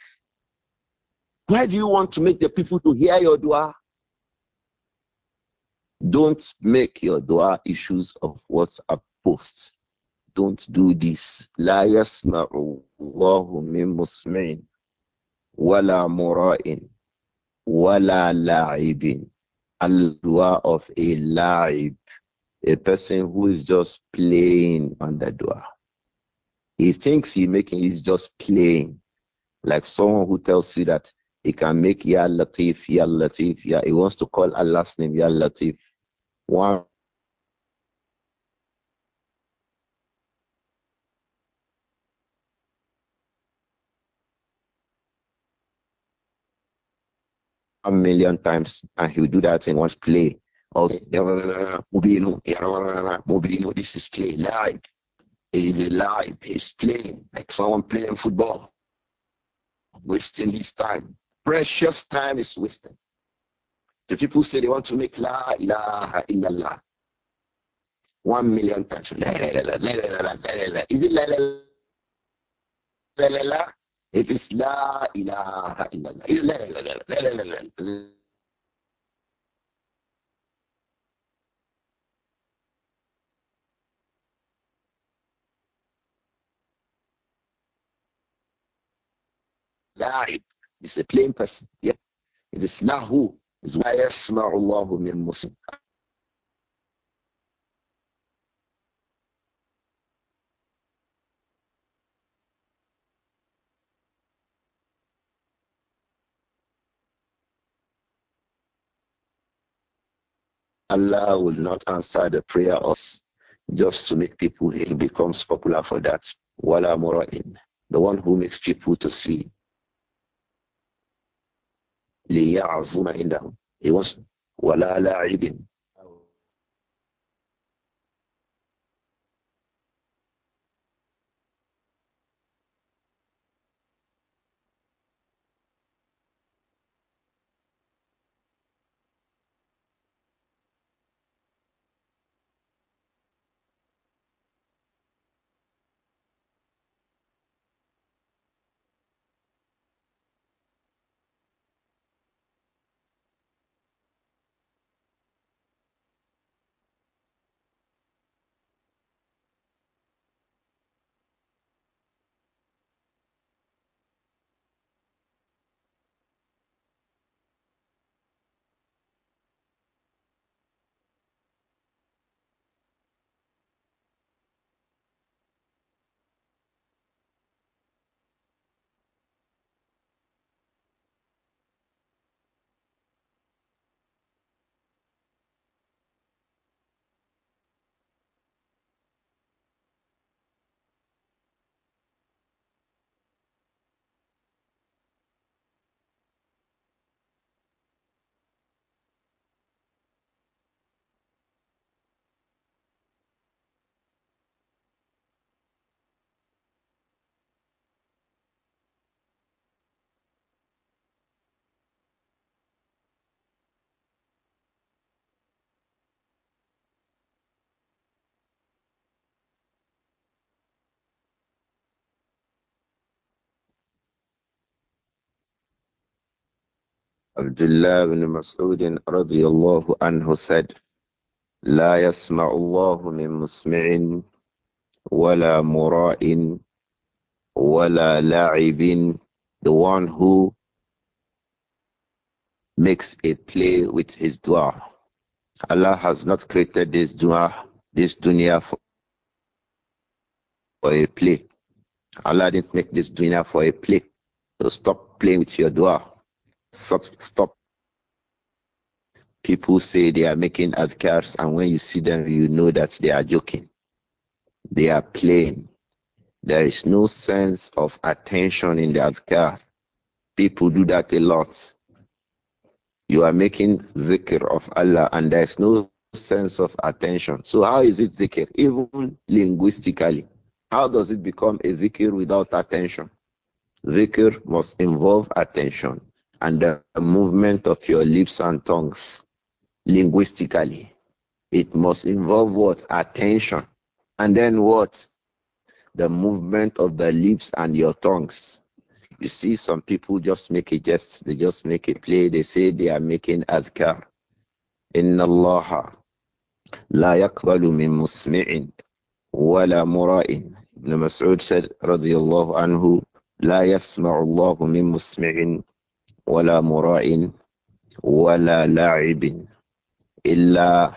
Why do you want to make the people to hear your dua? Don't make your dua issues of WhatsApp posts. Don't do this. لا يسمع الله من مسمع ولا مراء ولا لاعب. الدعاء of a لاعب a person who is just playing on the door. He thinks he's making he's just playing. Like someone who tells you that he can make Ya Latif, Ya Latif, Ya he wants to call Allah's name Ya Latif. One million times and he'll do that in one play Mubinu, Mubinu, this is play, live. It is is alive, he's playing, like someone playing football, wasting his time. Precious time is wasted. The people say they want to make La ilaha illallah one million times. Is it la la la la la? It is La ilaha illallah. la'ib. He's a plain person. Yeah. It is lahu. It's why yasma'u Allahu Allah will not answer the prayer of just to make people he becomes popular for that. Wala mura'in. The one who makes people to see ليعظم عندهم he ولا لاعب Abdullah ibn Mas'ud radiyallahu anhu said, لا يسمع الله من مسمع ولا مراء ولا لاعب the one who makes a play with his dua. Allah has not created this dua, this dunya for, for a play. Allah didn't make this dunya for a play. So stop playing with your dua. Stop. People say they are making adhkars, and when you see them, you know that they are joking. They are playing. There is no sense of attention in the adhkar. People do that a lot. You are making dhikr of Allah, and there is no sense of attention. So, how is it dhikr? Even linguistically, how does it become a dhikr without attention? Dhikr must involve attention and the movement of your lips and tongues linguistically. It must involve what? Attention. And then what? The movement of the lips and your tongues. You see, some people just make a jest, they just make a play, they say they are making adhkar. إن la لا يقبل min مسمع ولا murain. ابن مسعود said رضي الله عنه لا يسمع الله من مسمع ولا مراع ولا لاعب إلا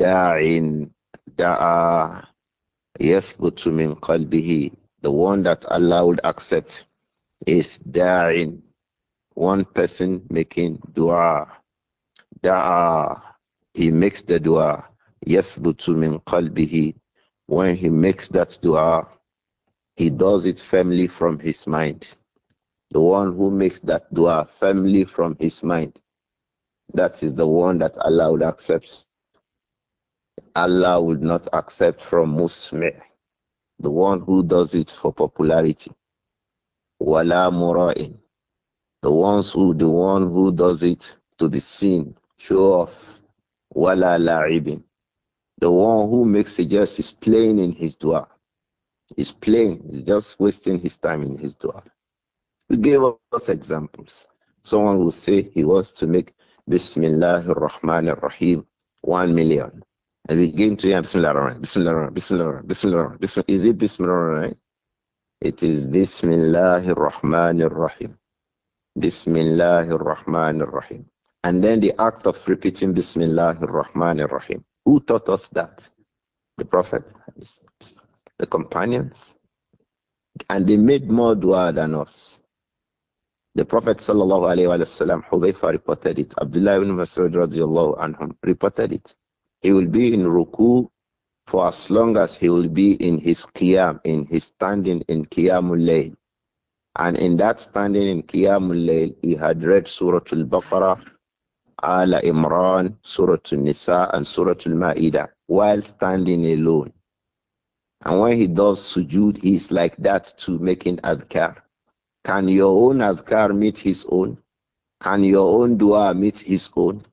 داع دعا يثبت من قلبه the one that Allah would accept is داعٍ. one person making دعاء. da'a he makes the dua yathbutu من qalbihi when he makes that dua he does it firmly from his mind the one who makes that dua firmly from his mind, that is the one that Allah would accept. Allah would not accept from Musmi, the one who does it for popularity. Wala mura'in, the ones who the one who does it to be seen, show off. Wala la'ibin, the one who makes it just is playing in his dua. He's playing, he's just wasting his time in his dua. He gave us examples. Someone will say he wants to make Bismillah ar-Rahman ar-Rahim one million. And we give to him Bismillah ar-Rahman, Bismillah ar-Rahman, Bismillah ar-Rahman, Bismillah ar-Rahman. Bismillah, is it Bismillah ar-Rahman? It is Bismillah ar-Rahman ar-Rahim. Bismillah ar-Rahman ar-Rahim. And then the act of repeating Bismillah ar-Rahman ar-Rahim. Who taught us that? The Prophet, the companions. And they made more dua than us. The Prophet sallallahu alaihi wasallam, Hudayfa reported it. Abdullah ibn Masud radiallahu anhum reported it. He will be in ruku for as long as he will be in his qiyam, in his standing in qiyamul layl. And in that standing in qiyamul layl, he had read Surah Al-Baqarah, Al Imran, Surah Al-Nisa, and Surah Al-Ma'idah while standing alone. And when he does sujood, he is like that too, making adhkar. Can your own adhkar meet his own? Can your own dua meet his own?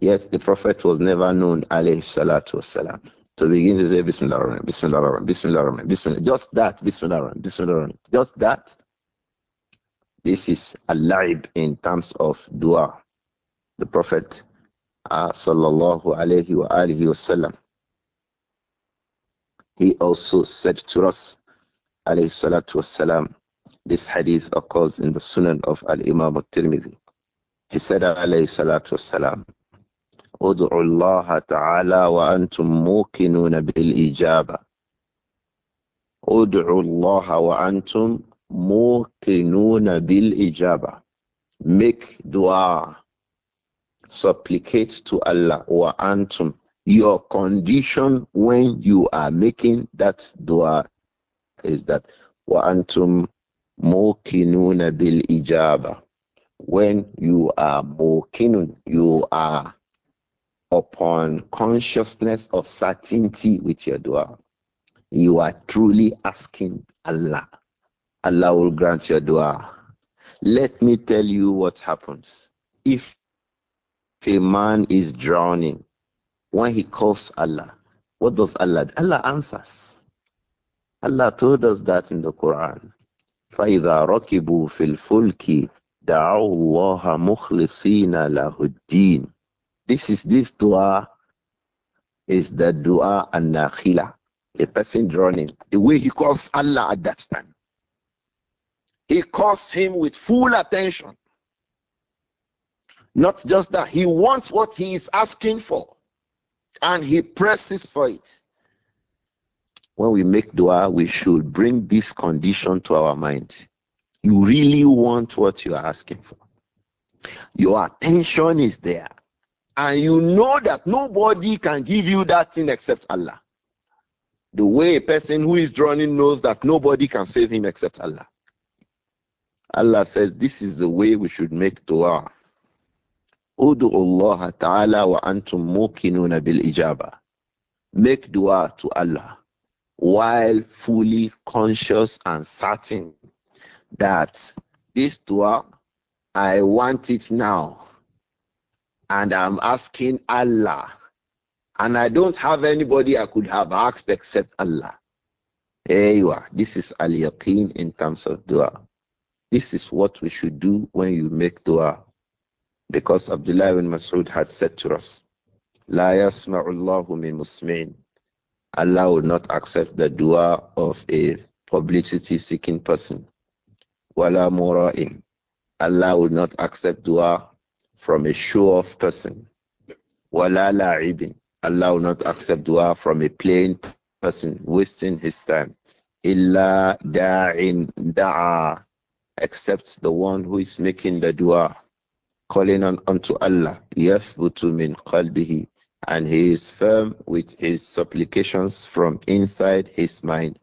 Yet the Prophet was never known, alayhi salatu wasalam. to begin to say Bismillah, Bismillah, Bismillah, Bismillah. Just that, Bismillah, Bismillah. Just that. This is alive in terms of dua. The Prophet uh, sallallahu alayhi wa alihi wasallam. He also said to us, alayhi salatu wasalam, this hadith occurs in the Sunan of Al Imam al Tirmidhi. He said, alayhi salatu wa ادعوا الله تعالى O Allah, بالإجابة ادعوا الله وأنتم موقنون بالإجابة make dua supplicate to Allah wa antum your condition when you are making that dua is that wa antum Mokinuna bil ijaba. When you are mokinun, you are upon consciousness of certainty with your dua. You are truly asking Allah. Allah will grant your dua. Let me tell you what happens. If a man is drowning, when he calls Allah, what does Allah do? Allah answers. Allah told us that in the Quran. فإذا ركبوا في الفلك دعوا الله مخلصين له الدين This is this dua is the dua and nakhila. A person drowning, the way he calls Allah at that time. He calls him with full attention. Not just that, he wants what he is asking for and he presses for it when we make dua, we should bring this condition to our mind. You really want what you are asking for. Your attention is there. And you know that nobody can give you that thing except Allah. The way a person who is drowning knows that nobody can save him except Allah. Allah says this is the way we should make dua. Udu Allah ta'ala wa antum mukinuna bil ijaba. Make dua to Allah while fully conscious and certain that this dua, I want it now. And I'm asking Allah. And I don't have anybody I could have asked except Allah. There you are. This is al yaqeen in terms of dua. This is what we should do when you make dua. Because Abdullah ibn Mas'ud had said to us, لا يسمع الله من مسمعين Allah will not accept the dua of a publicity seeking person. Wala mura'in. Allah will not accept dua from a show off person. Wala la'ibin. Allah will not accept dua from a plain person wasting his time. Illa da'in da'a. Except the one who is making the dua, calling on unto Allah. Yathbutu min qalbihi and he is firm with his supplications from inside his mind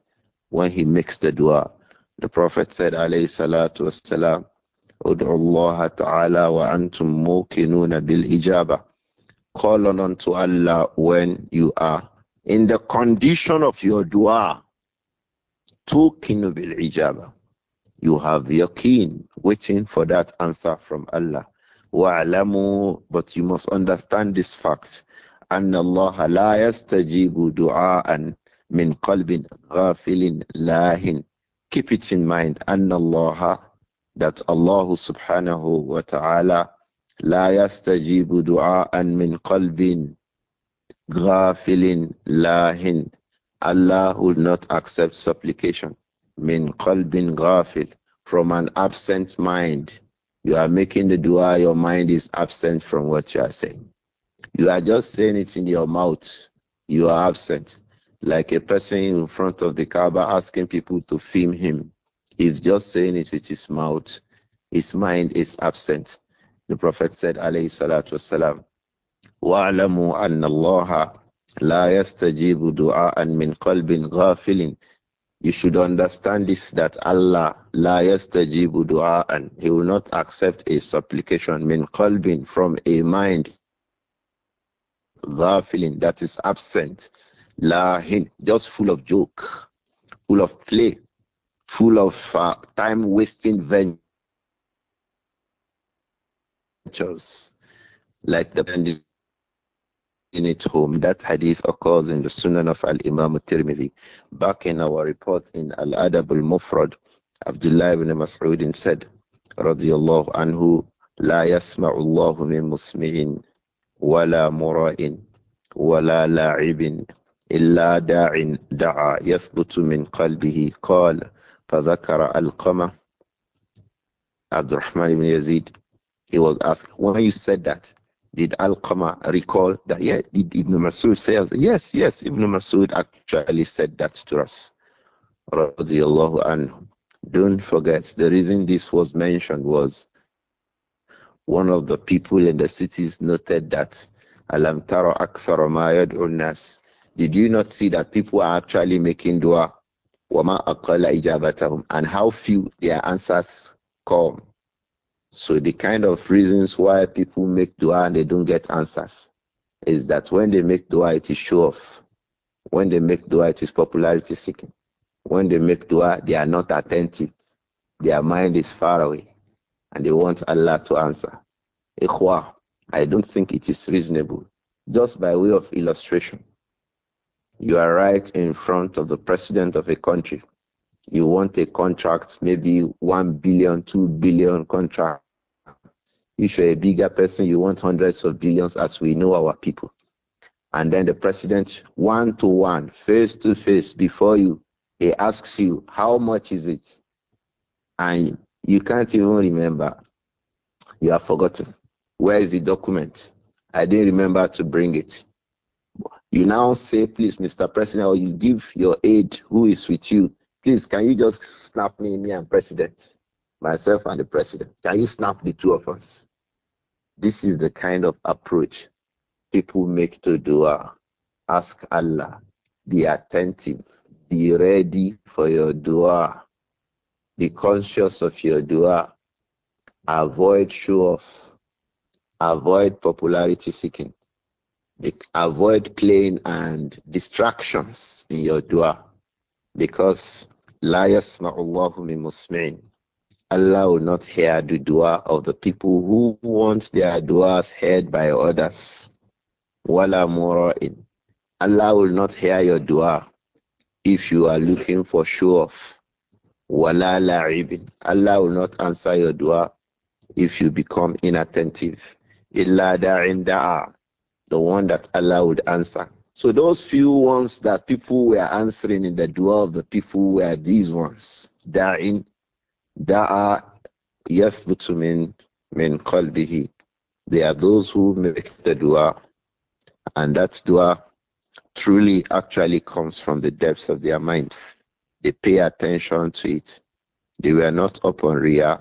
when he makes the dua. The Prophet said, alayhi salatu wassalam, Ud'u Allah ta'ala wa antum muqinuna bil ijaba. Call on unto Allah when you are in the condition of your dua. Tuqinu bil ijaba. You have yaqeen waiting for that answer from Allah. Wa'alamu, but you must understand this fact أن الله لا يستجيب دعاء من قلب غافل لاهٍ keep it in mind أن الله that Allah subhanahu wa ta'ala لا يستجيب دعاء من قلب غافل لاهٍ Allah will not accept supplication من قلب غافل from an absent mind you are making the dua your mind is absent from what you are saying you are just saying it in your mouth. You are absent. Like a person in front of the Kaaba asking people to film him. He's just saying it with his mouth. His mind is absent. The Prophet said, alayhi salatu wasalam, وَاعْلَمُوا أَنَّ اللَّهَ لَا يَسْتَجِيبُ دُعَاءً مِّن قَلْبٍ غَافِلٍ You should understand this, that Allah, لَا يَسْتَجِيبُ دُعَاءً He will not accept a supplication, مِّن قَلْبٍ From a mind the feeling that is absent. Lahin, just full of joke, full of play, full of uh, time wasting ventures, like the bandit in its home. That hadith occurs in the Sunan of Al Imam Tirmidhi. Back in our report in Al Adab al Mufrad, Abdullah ibn Mas'ud said, رضي الله عنه لا يسمع الله من مسمع ولا مراء ولا لاعب إلا داع دعا يثبت من قلبه قال فذكر القمة عبد الرحمن بن Yazid he was asked when you said that did Al-Qama recall that yeah did Ibn Masud say yes yes Ibn Masud actually said that to us رضي الله عنه don't forget the reason this was mentioned was one of the people in the cities noted that Alam Taro Akthara Mayad Unnas. Did you not see that people are actually making dua? Wama Akala Ijabatahum. And how few their answers come. So the kind of reasons why people make dua and they don't get answers is that when they make dua, it is show off. When they make dua, it is popularity seeking. When they make dua, they are not attentive. Their mind is far away and they want Allah to answer. Ikhwa, I don't think it is reasonable. Just by way of illustration, you are right in front of the president of a country. You want a contract, maybe 1 billion, 2 billion contract. If you're a bigger person, you want hundreds of billions, as we know our people. And then the president, one to one, face to face, before you, he asks you, How much is it? And you can't even remember. You have forgotten. Where is the document? I didn't remember to bring it. You now say, please, Mr. President, or you give your aide who is with you, please, can you just snap me, me and President, myself and the President? Can you snap the two of us? This is the kind of approach people make to dua. Ask Allah, be attentive, be ready for your dua. Be conscious of your dua. Avoid show off. Avoid popularity seeking. Be avoid playing and distractions in your dua. Because La yasma'ullahu min musmi'in. Allah will not hear the dua of the people who want their duas heard by others. Wala mura'in. Allah will not hear your dua if you are looking for show off Wala la'ibin. Allah will not answer your dua if you become inattentive. Illa da'in da'a. The one that Allah would answer. So those few ones that people were answering in the dua of the people were these ones. Da'in da'a yathbutu min min qalbihi. They are those who make the dua and that dua truly actually comes from the depths of their mind. They pay attention to it. They were not upon Ria.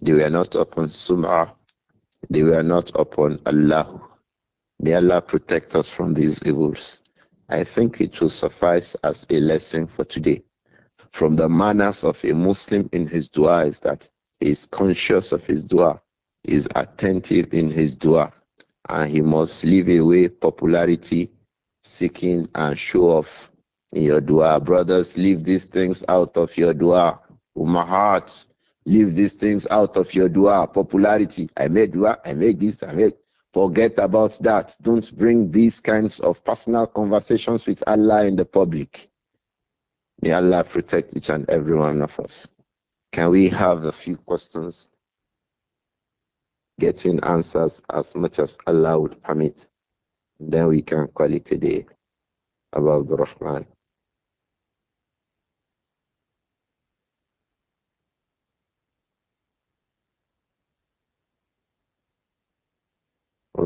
They were not upon Sum'ah. They were not upon Allah. May Allah protect us from these evils. I think it will suffice as a lesson for today. From the manners of a Muslim in his dua is that he is conscious of his dua, is attentive in his dua, and he must leave away popularity, seeking, and show off in your dua. Brothers, leave these things out of your dua. heart, leave these things out of your dua. Popularity, I made dua, I made this, I made. Forget about that. Don't bring these kinds of personal conversations with Allah in the public. May Allah protect each and every one of us. Can we have a few questions? Getting answers as much as Allah would permit. Then we can call it a day. About the Rahman.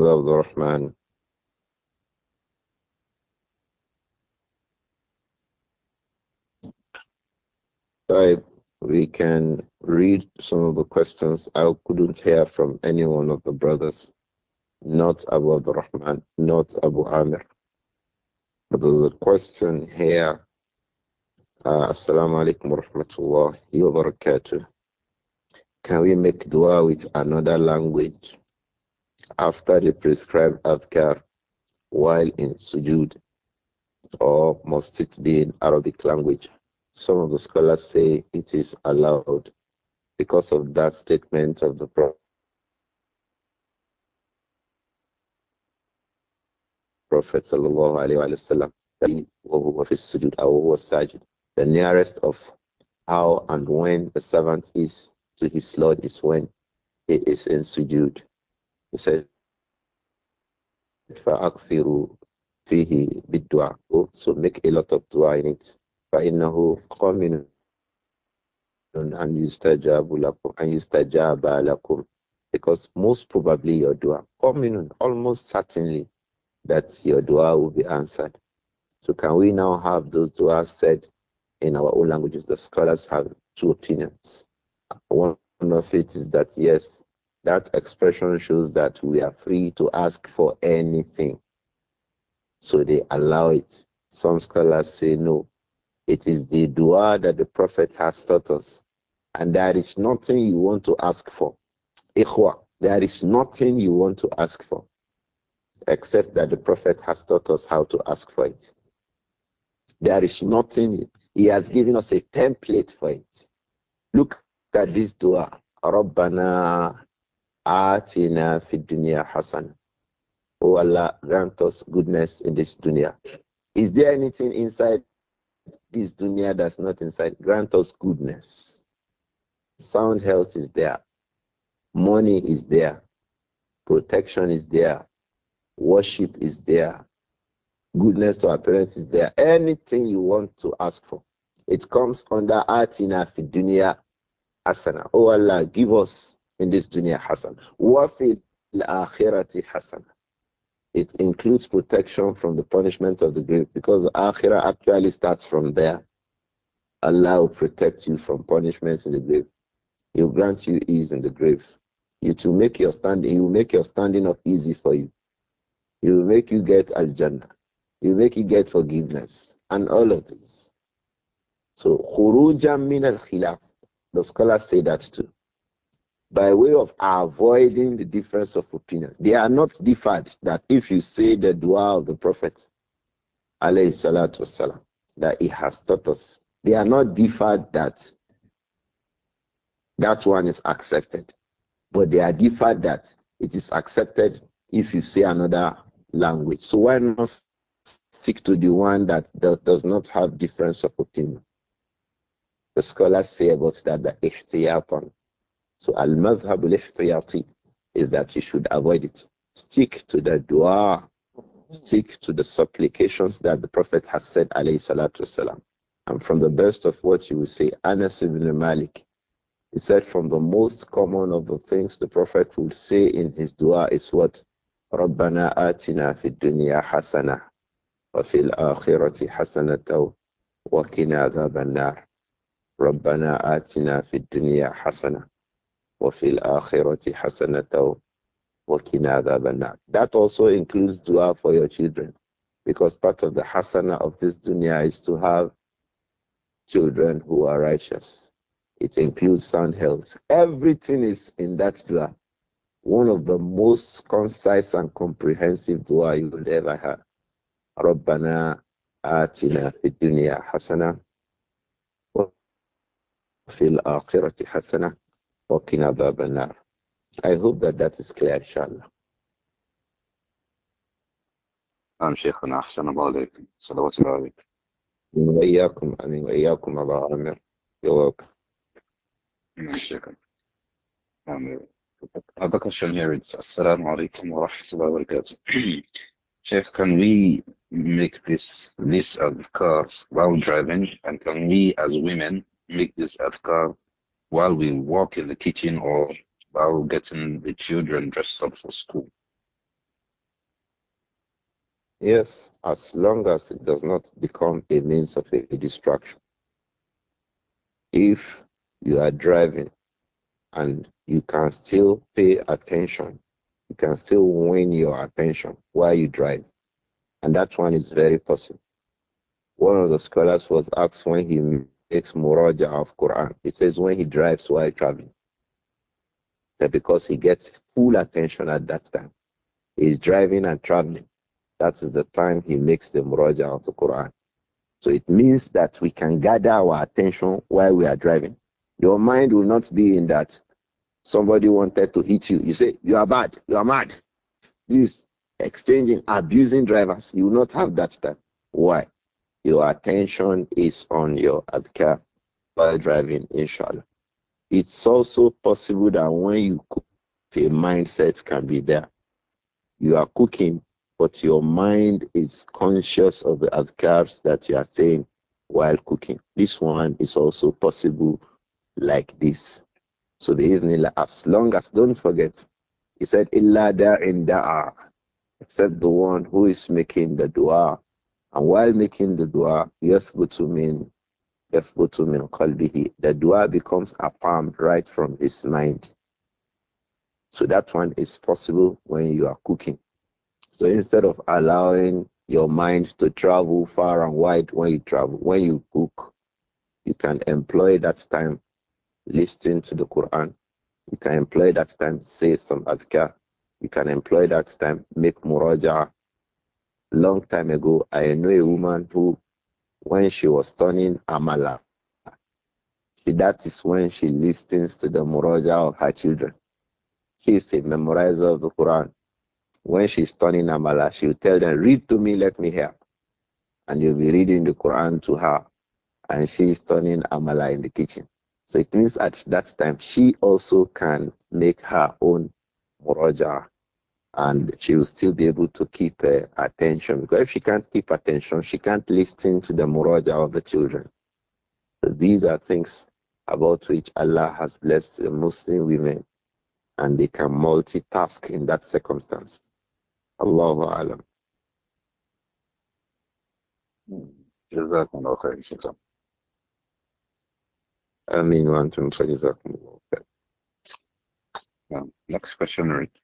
Brother Abdul Rahman. Right, we can read some of the questions. I couldn't hear from any one of the brothers, not Abu Abdul Rahman, not Abu Amir. But there's a question here. Uh, Assalamu alaikum wa rahmatullahi wa barakatuh. Can we make dua with another language? after the prescribed adhkar while in sujud, or must it be in Arabic language? Some of the scholars say it is allowed because of that statement of the Prophet. Prophet sallallahu alaihi wasallam, the nearest of how and when the servant is to his Lord is when he is in sujud. He said, فَأَكْثِرُوا فِيهِ بِالدُّعَى oh, So make a lot of dua in it. come in, and yustajabu lakum and yustajaba lakum because most probably your dua in, almost certainly that your dua will be answered so can we now have those duas said in our own languages the scholars have two opinions one of it is that yes that expression shows that we are free to ask for anything. So they allow it. Some scholars say no. It is the dua that the Prophet has taught us. And there is nothing you want to ask for. Ikhwa, there is nothing you want to ask for except that the Prophet has taught us how to ask for it. There is nothing, He has given us a template for it. Look at this dua. Rabbana Atina fid dunya hasan. Oh Allah, grant us goodness in this dunya. Is there anything inside this dunya that's not inside? Grant us goodness. Sound health is there. Money is there. Protection is there. Worship is there. Goodness to our parents is there. Anything you want to ask for. It comes under Atina Fidunia Asana. Oh Allah, give us in this dunya hasan. Wafil akhirati hasan. It includes protection from the punishment of the grave because akhirah actually starts from there. Allah will protect you from punishment in the grave. He will grant you ease in the grave. It will make your standing. He will make your standing up easy for you. He will make you get al jannah. He will make you get forgiveness and all of this. So khurujan min al khilaf. The scholars say that too by way of avoiding the difference of opinion. They are not differed that if you say the dua of the Prophet, والسلام, that he has taught us, they are not differed that that one is accepted, but they are differed that it is accepted if you say another language. So why not stick to the one that does not have difference of opinion? The scholars say about that the ihtiyatan so al-madhhab al-ihtiyati is that you should avoid it. Stick to the dua, stick to the supplications that the Prophet has said, alayhi salatu salam. And from the best of what you will say, Anas ibn Malik, he said from the most common of the things the Prophet would say in his dua is what? رَبَّنَا آتِنَا فِي الدُّنْيَا حَسَنَةً وَفِي الْآخِرَةِ حَسَنَةً وَقِنَا عَذَابَ النَّارِ Rabbana atina فِي dunya hasana." وَفِي الْآخِرَةِ حَسَنَةً عَذَابَ That also includes dua for your children because part of the hasana of this dunya is to have children who are righteous. It includes sound health. Everything is in that dua. One of the most concise and comprehensive dua you will ever have. ربنا آتنا في الدنيا حسنة وفي الآخرة حسنة وَقِنَا بَابَ I hope that that is clear, inshallah. Sheikh شيخنا أحسن الله إليكم صلوات الله عليكم وإياكم أمين وإياكم أبا عامر يواك نعم شيخنا نعم Other question here is Assalamu alaikum wa rahmatullahi wa barakatuh. Sheikh, can we make this list of cars while driving? And can we as women make this adhkar while we work in the kitchen or while getting the children dressed up for school. Yes, as long as it does not become a means of a, a distraction. If you are driving and you can still pay attention, you can still win your attention while you drive. And that one is very possible. One of the scholars was asked when he ex muraja of Quran. It says when he drives while traveling. Because he gets full attention at that time. He's driving and traveling. That is the time he makes the muraja of the Quran. So it means that we can gather our attention while we are driving. Your mind will not be in that somebody wanted to hit you. You say, You are bad, you are mad. This exchanging, abusing drivers, you will not have that time. Why? Your attention is on your adkar while driving, inshallah. It's also possible that when you cook, a mindset can be there. You are cooking, but your mind is conscious of the adhkars that you are saying while cooking. This one is also possible like this. So the evening, as long as, don't forget, he said, Illa da'in da'a, except the one who is making the dua. And while making the dua, yathbutu min yathbutu min qalbihi, the dua becomes affirmed right from his mind. So that one is possible when you are cooking. So instead of allowing your mind to travel far and wide when you travel, when you cook, you can employ that time listening to the Quran. You can employ that time say some adhkar. You can employ that time make muraja long time ago, I know a woman who, when she was turning Amala, she, that is when she listens to the Muraja of her children. She is a memorizer of the Quran. When she's turning Amala, she'll tell them, Read to me, let me hear. And you'll be reading the Quran to her. And she is turning Amala in the kitchen. So it means at that time, she also can make her own Muraja and she will still be able to keep uh, attention. Because if she can't keep attention, she can't listen to the muraja of the children. So these are things about which Allah has blessed Muslim women, and they can multitask in that circumstance. Allahu alam. جزاكم خير جزاكم امين وانتم next question right?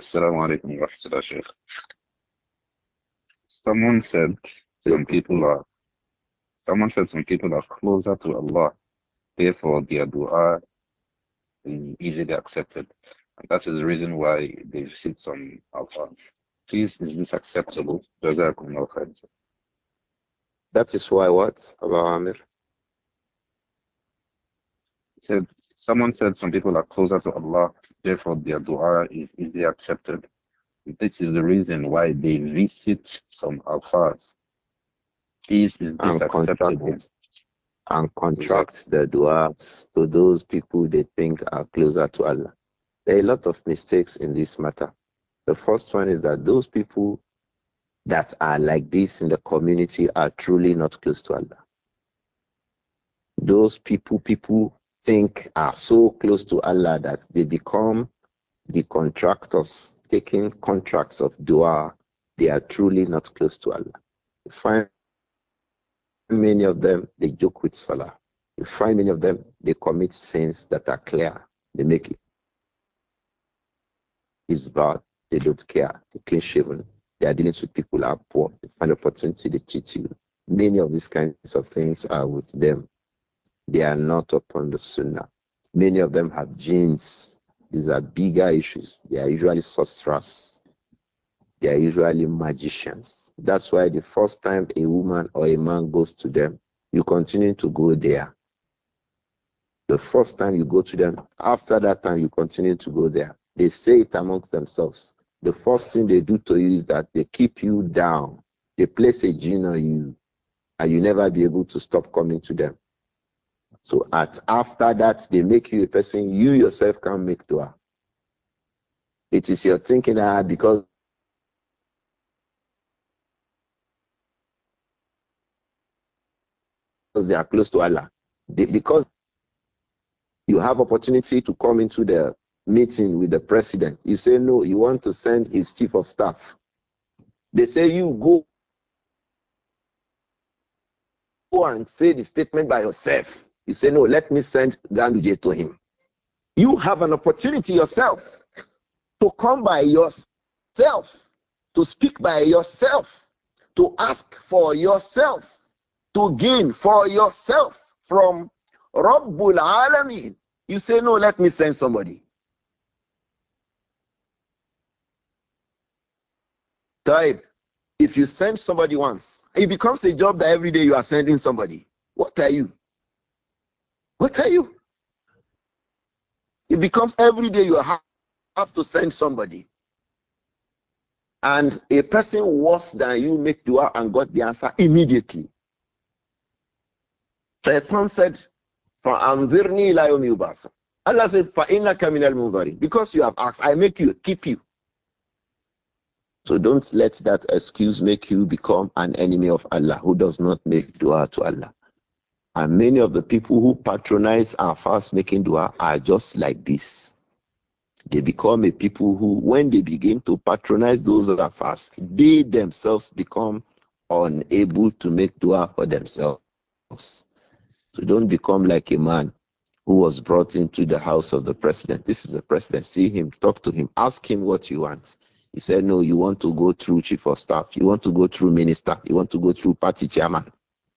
Assalamu alaikum wa Sheikh. Someone said some people are someone said some people are closer to Allah, therefore their dua is easily accepted. And that is the reason why they visit some alphas. Please, is this acceptable? That is why what, Abu Amir? Said, someone said some people are closer to Allah therefore their dua is easily accepted. This is the reason why they visit some alfas. Peace is and acceptable. And the duas to those people they think are closer to Allah. There are a lot of mistakes in this matter. The first one is that those people that are like this in the community are truly not close to Allah. Those people, people think are so close to Allah that they become the contractors taking contracts of dua. They are truly not close to Allah. You find many of them, they joke with Salah. You find many of them, they commit sins that are clear. They make it. It's bad. They don't care. They clean shaven. They are dealing with people who are poor. They find opportunity. They cheat you. Many of these kinds of things are with them. They are not upon the sunnah. Many of them have genes. These are bigger issues. They are usually sorcerers. They are usually magicians. That's why the first time a woman or a man goes to them, you continue to go there. The first time you go to them, after that time, you continue to go there. They say it amongst themselves. The first thing they do to you is that they keep you down. They place a gene on you, and you never be able to stop coming to them. So at after that, they make you a person you yourself can't make dua. It is your thinking ah, because they are close to Allah. They, because you have opportunity to come into the meeting with the president. You say no, you want to send his chief of staff. They say you go go and say the statement by yourself. You say, No, let me send Ganduje to him. You have an opportunity yourself to come by yourself, to speak by yourself, to ask for yourself, to gain for yourself from Rabbul Alameen. You say, No, let me send somebody. Type. If you send somebody once, it becomes a job that every day you are sending somebody. What are you? What tell you? It becomes every day you have to send somebody. And a person worse than you make dua and got the answer immediately. Shaitan said, فَأَنذِرْنِي لَا يُومِ يُبَعْثَ Allah said, فَإِنَّكَ مِنَ الْمُنذَرِينَ Because you have asked, I make you, keep you. So don't let that excuse make you become an enemy of Allah who does not make dua to Allah. And many of the people who patronize our fast making dua are just like this. They become a people who, when they begin to patronize those that are fast, they themselves become unable to make dua for themselves. So don't become like a man who was brought into the house of the president. This is the president. See him, talk to him, ask him what you want. He said, No, you want to go through chief of staff, you want to go through minister, you want to go through party chairman.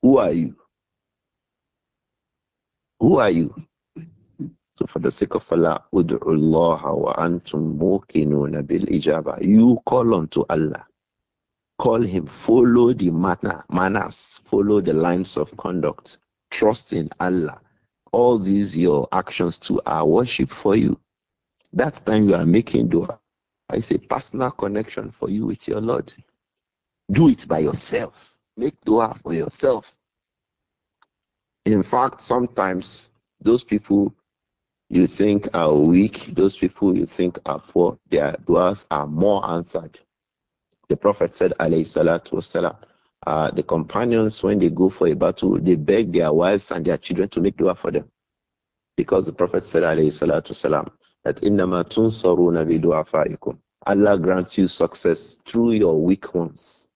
Who are you? Who are you? So for the sake of Allah, ud'ullaha wa antum mukinuna bil ijaba. You call unto Allah. Call him. Follow the manner, manners. Follow the lines of conduct. Trust in Allah. All these your actions to our worship for you. That time you are making dua. It's a personal connection for you with your Lord. Do it by yourself. Make dua for yourself. In fact, sometimes those people you think are weak, those people you think are poor, their duas are more answered. The Prophet said, alayhi salatu wasalam, uh, the companions, when they go for a battle, they beg their wives and their children to make dua for them. Because the Prophet said, alayhi salatu wasalam, that innama tunsaruna bidu'afaikum. Allah grants you success through your weak ones.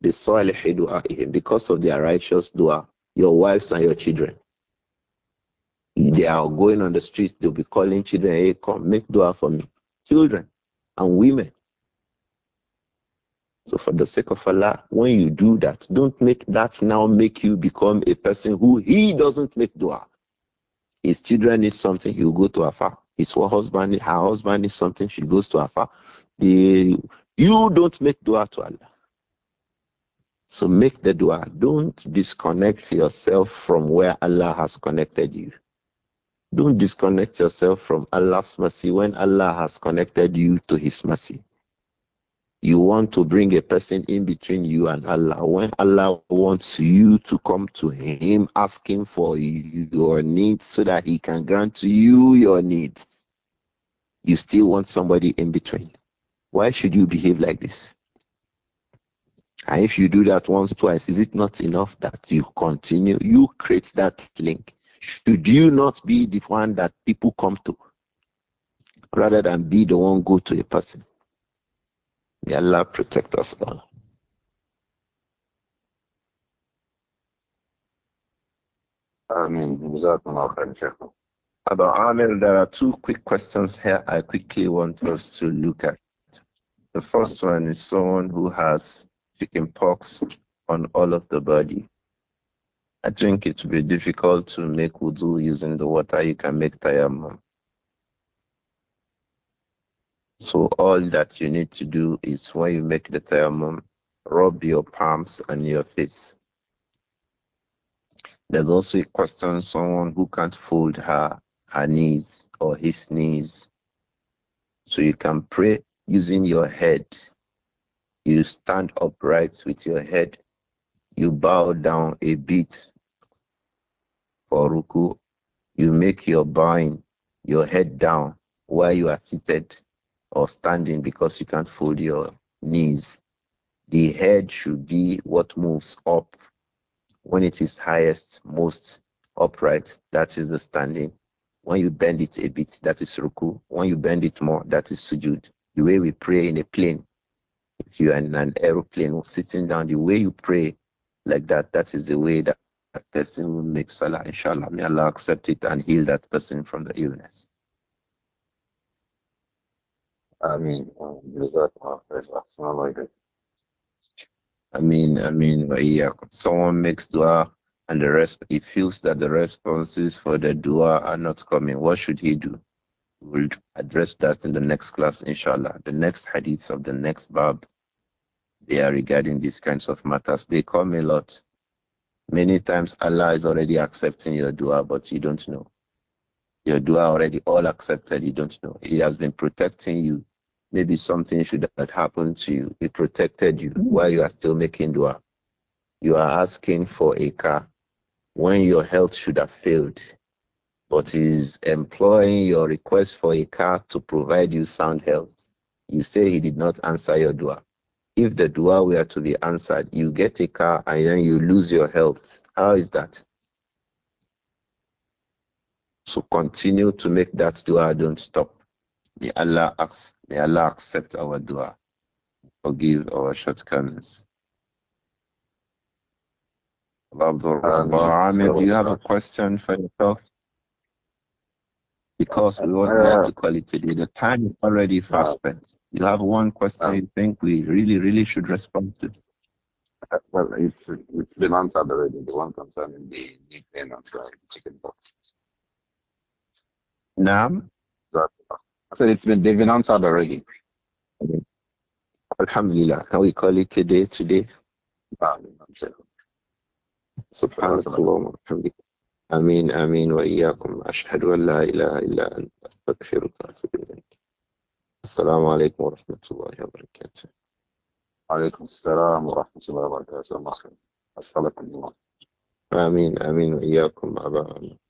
Because of their righteous dua, your wives and your children. They are going on the streets, they'll be calling children, hey, come, make dua for me. Children and women. So for the sake of Allah, when you do that, don't make that now make you become a person who he doesn't make dua. His children need something, he'll go to Afar. His husband, her husband needs something, she goes to Afar. The, you don't make dua to Allah. So make the dua. Don't disconnect yourself from where Allah has connected you. Don't disconnect yourself from Allah's mercy when Allah has connected you to His mercy. You want to bring a person in between you and Allah. When Allah wants you to come to Him asking for your needs so that He can grant you your needs, you still want somebody in between. Why should you behave like this? And if you do that once, twice, is it not enough that you continue? You create that link. Should you not be the one that people come to rather than be the one go to a person? May Allah protect us all. I mean, Abu Amir, there are two quick questions here I quickly want us to look at. The first one is someone who has pox on all of the body. I think it would be difficult to make wudu using the water you can make tayammum. So all that you need to do is when you make the tayammum, rub your palms and your face. There's also a question someone who can't fold her her knees or his knees. So you can pray using your head you stand upright with your head. You bow down a bit for ruku. You make your bowing, your head down while you are seated or standing because you can't fold your knees. The head should be what moves up when it is highest, most upright. That is the standing. When you bend it a bit, that is ruku. When you bend it more, that is sujud. The way we pray in a plane, if you are in an aeroplane sitting down, the way you pray like that, that is the way that a person will make salah, inshallah. May Allah accept it and heal that person from the illness. I mean, I mean, I mean, someone makes dua and the rest, he feels that the responses for the dua are not coming. What should he do? We'll address that in the next class, inshallah. The next hadith of the next bab, they are regarding these kinds of matters. They come a lot. Many times Allah is already accepting your dua, but you don't know. Your dua already all accepted, you don't know. He has been protecting you. Maybe something should have happened to you. He protected you while you are still making dua. You are asking for a car when your health should have failed but he's employing your request for a car to provide you sound health. You say he did not answer your dua. If the dua were to be answered, you get a car and then you lose your health. How is that? So continue to make that dua, don't stop. May Allah, accept, may Allah accept our dua, forgive our shortcomings. Abdul Rahman, do you have a question for yourself? because we want to call it today, The time is already fast ah. spent. You have one question ah. you think we really, really should respond to. Uh, well, it's it's been answered already. The one concerning the the payments, right? Chicken box. Now, I said it's been they've been answered already. Okay. Alhamdulillah. Can we call it a day today? Ah, Subhanakallah. امين امين واياكم اشهد ان لا اله الا انت استغفرك واتوب اليك السلام عليكم ورحمه الله وبركاته وعليكم السلام ورحمه الله وبركاته الله خير اسالكم الله امين امين واياكم ابا امين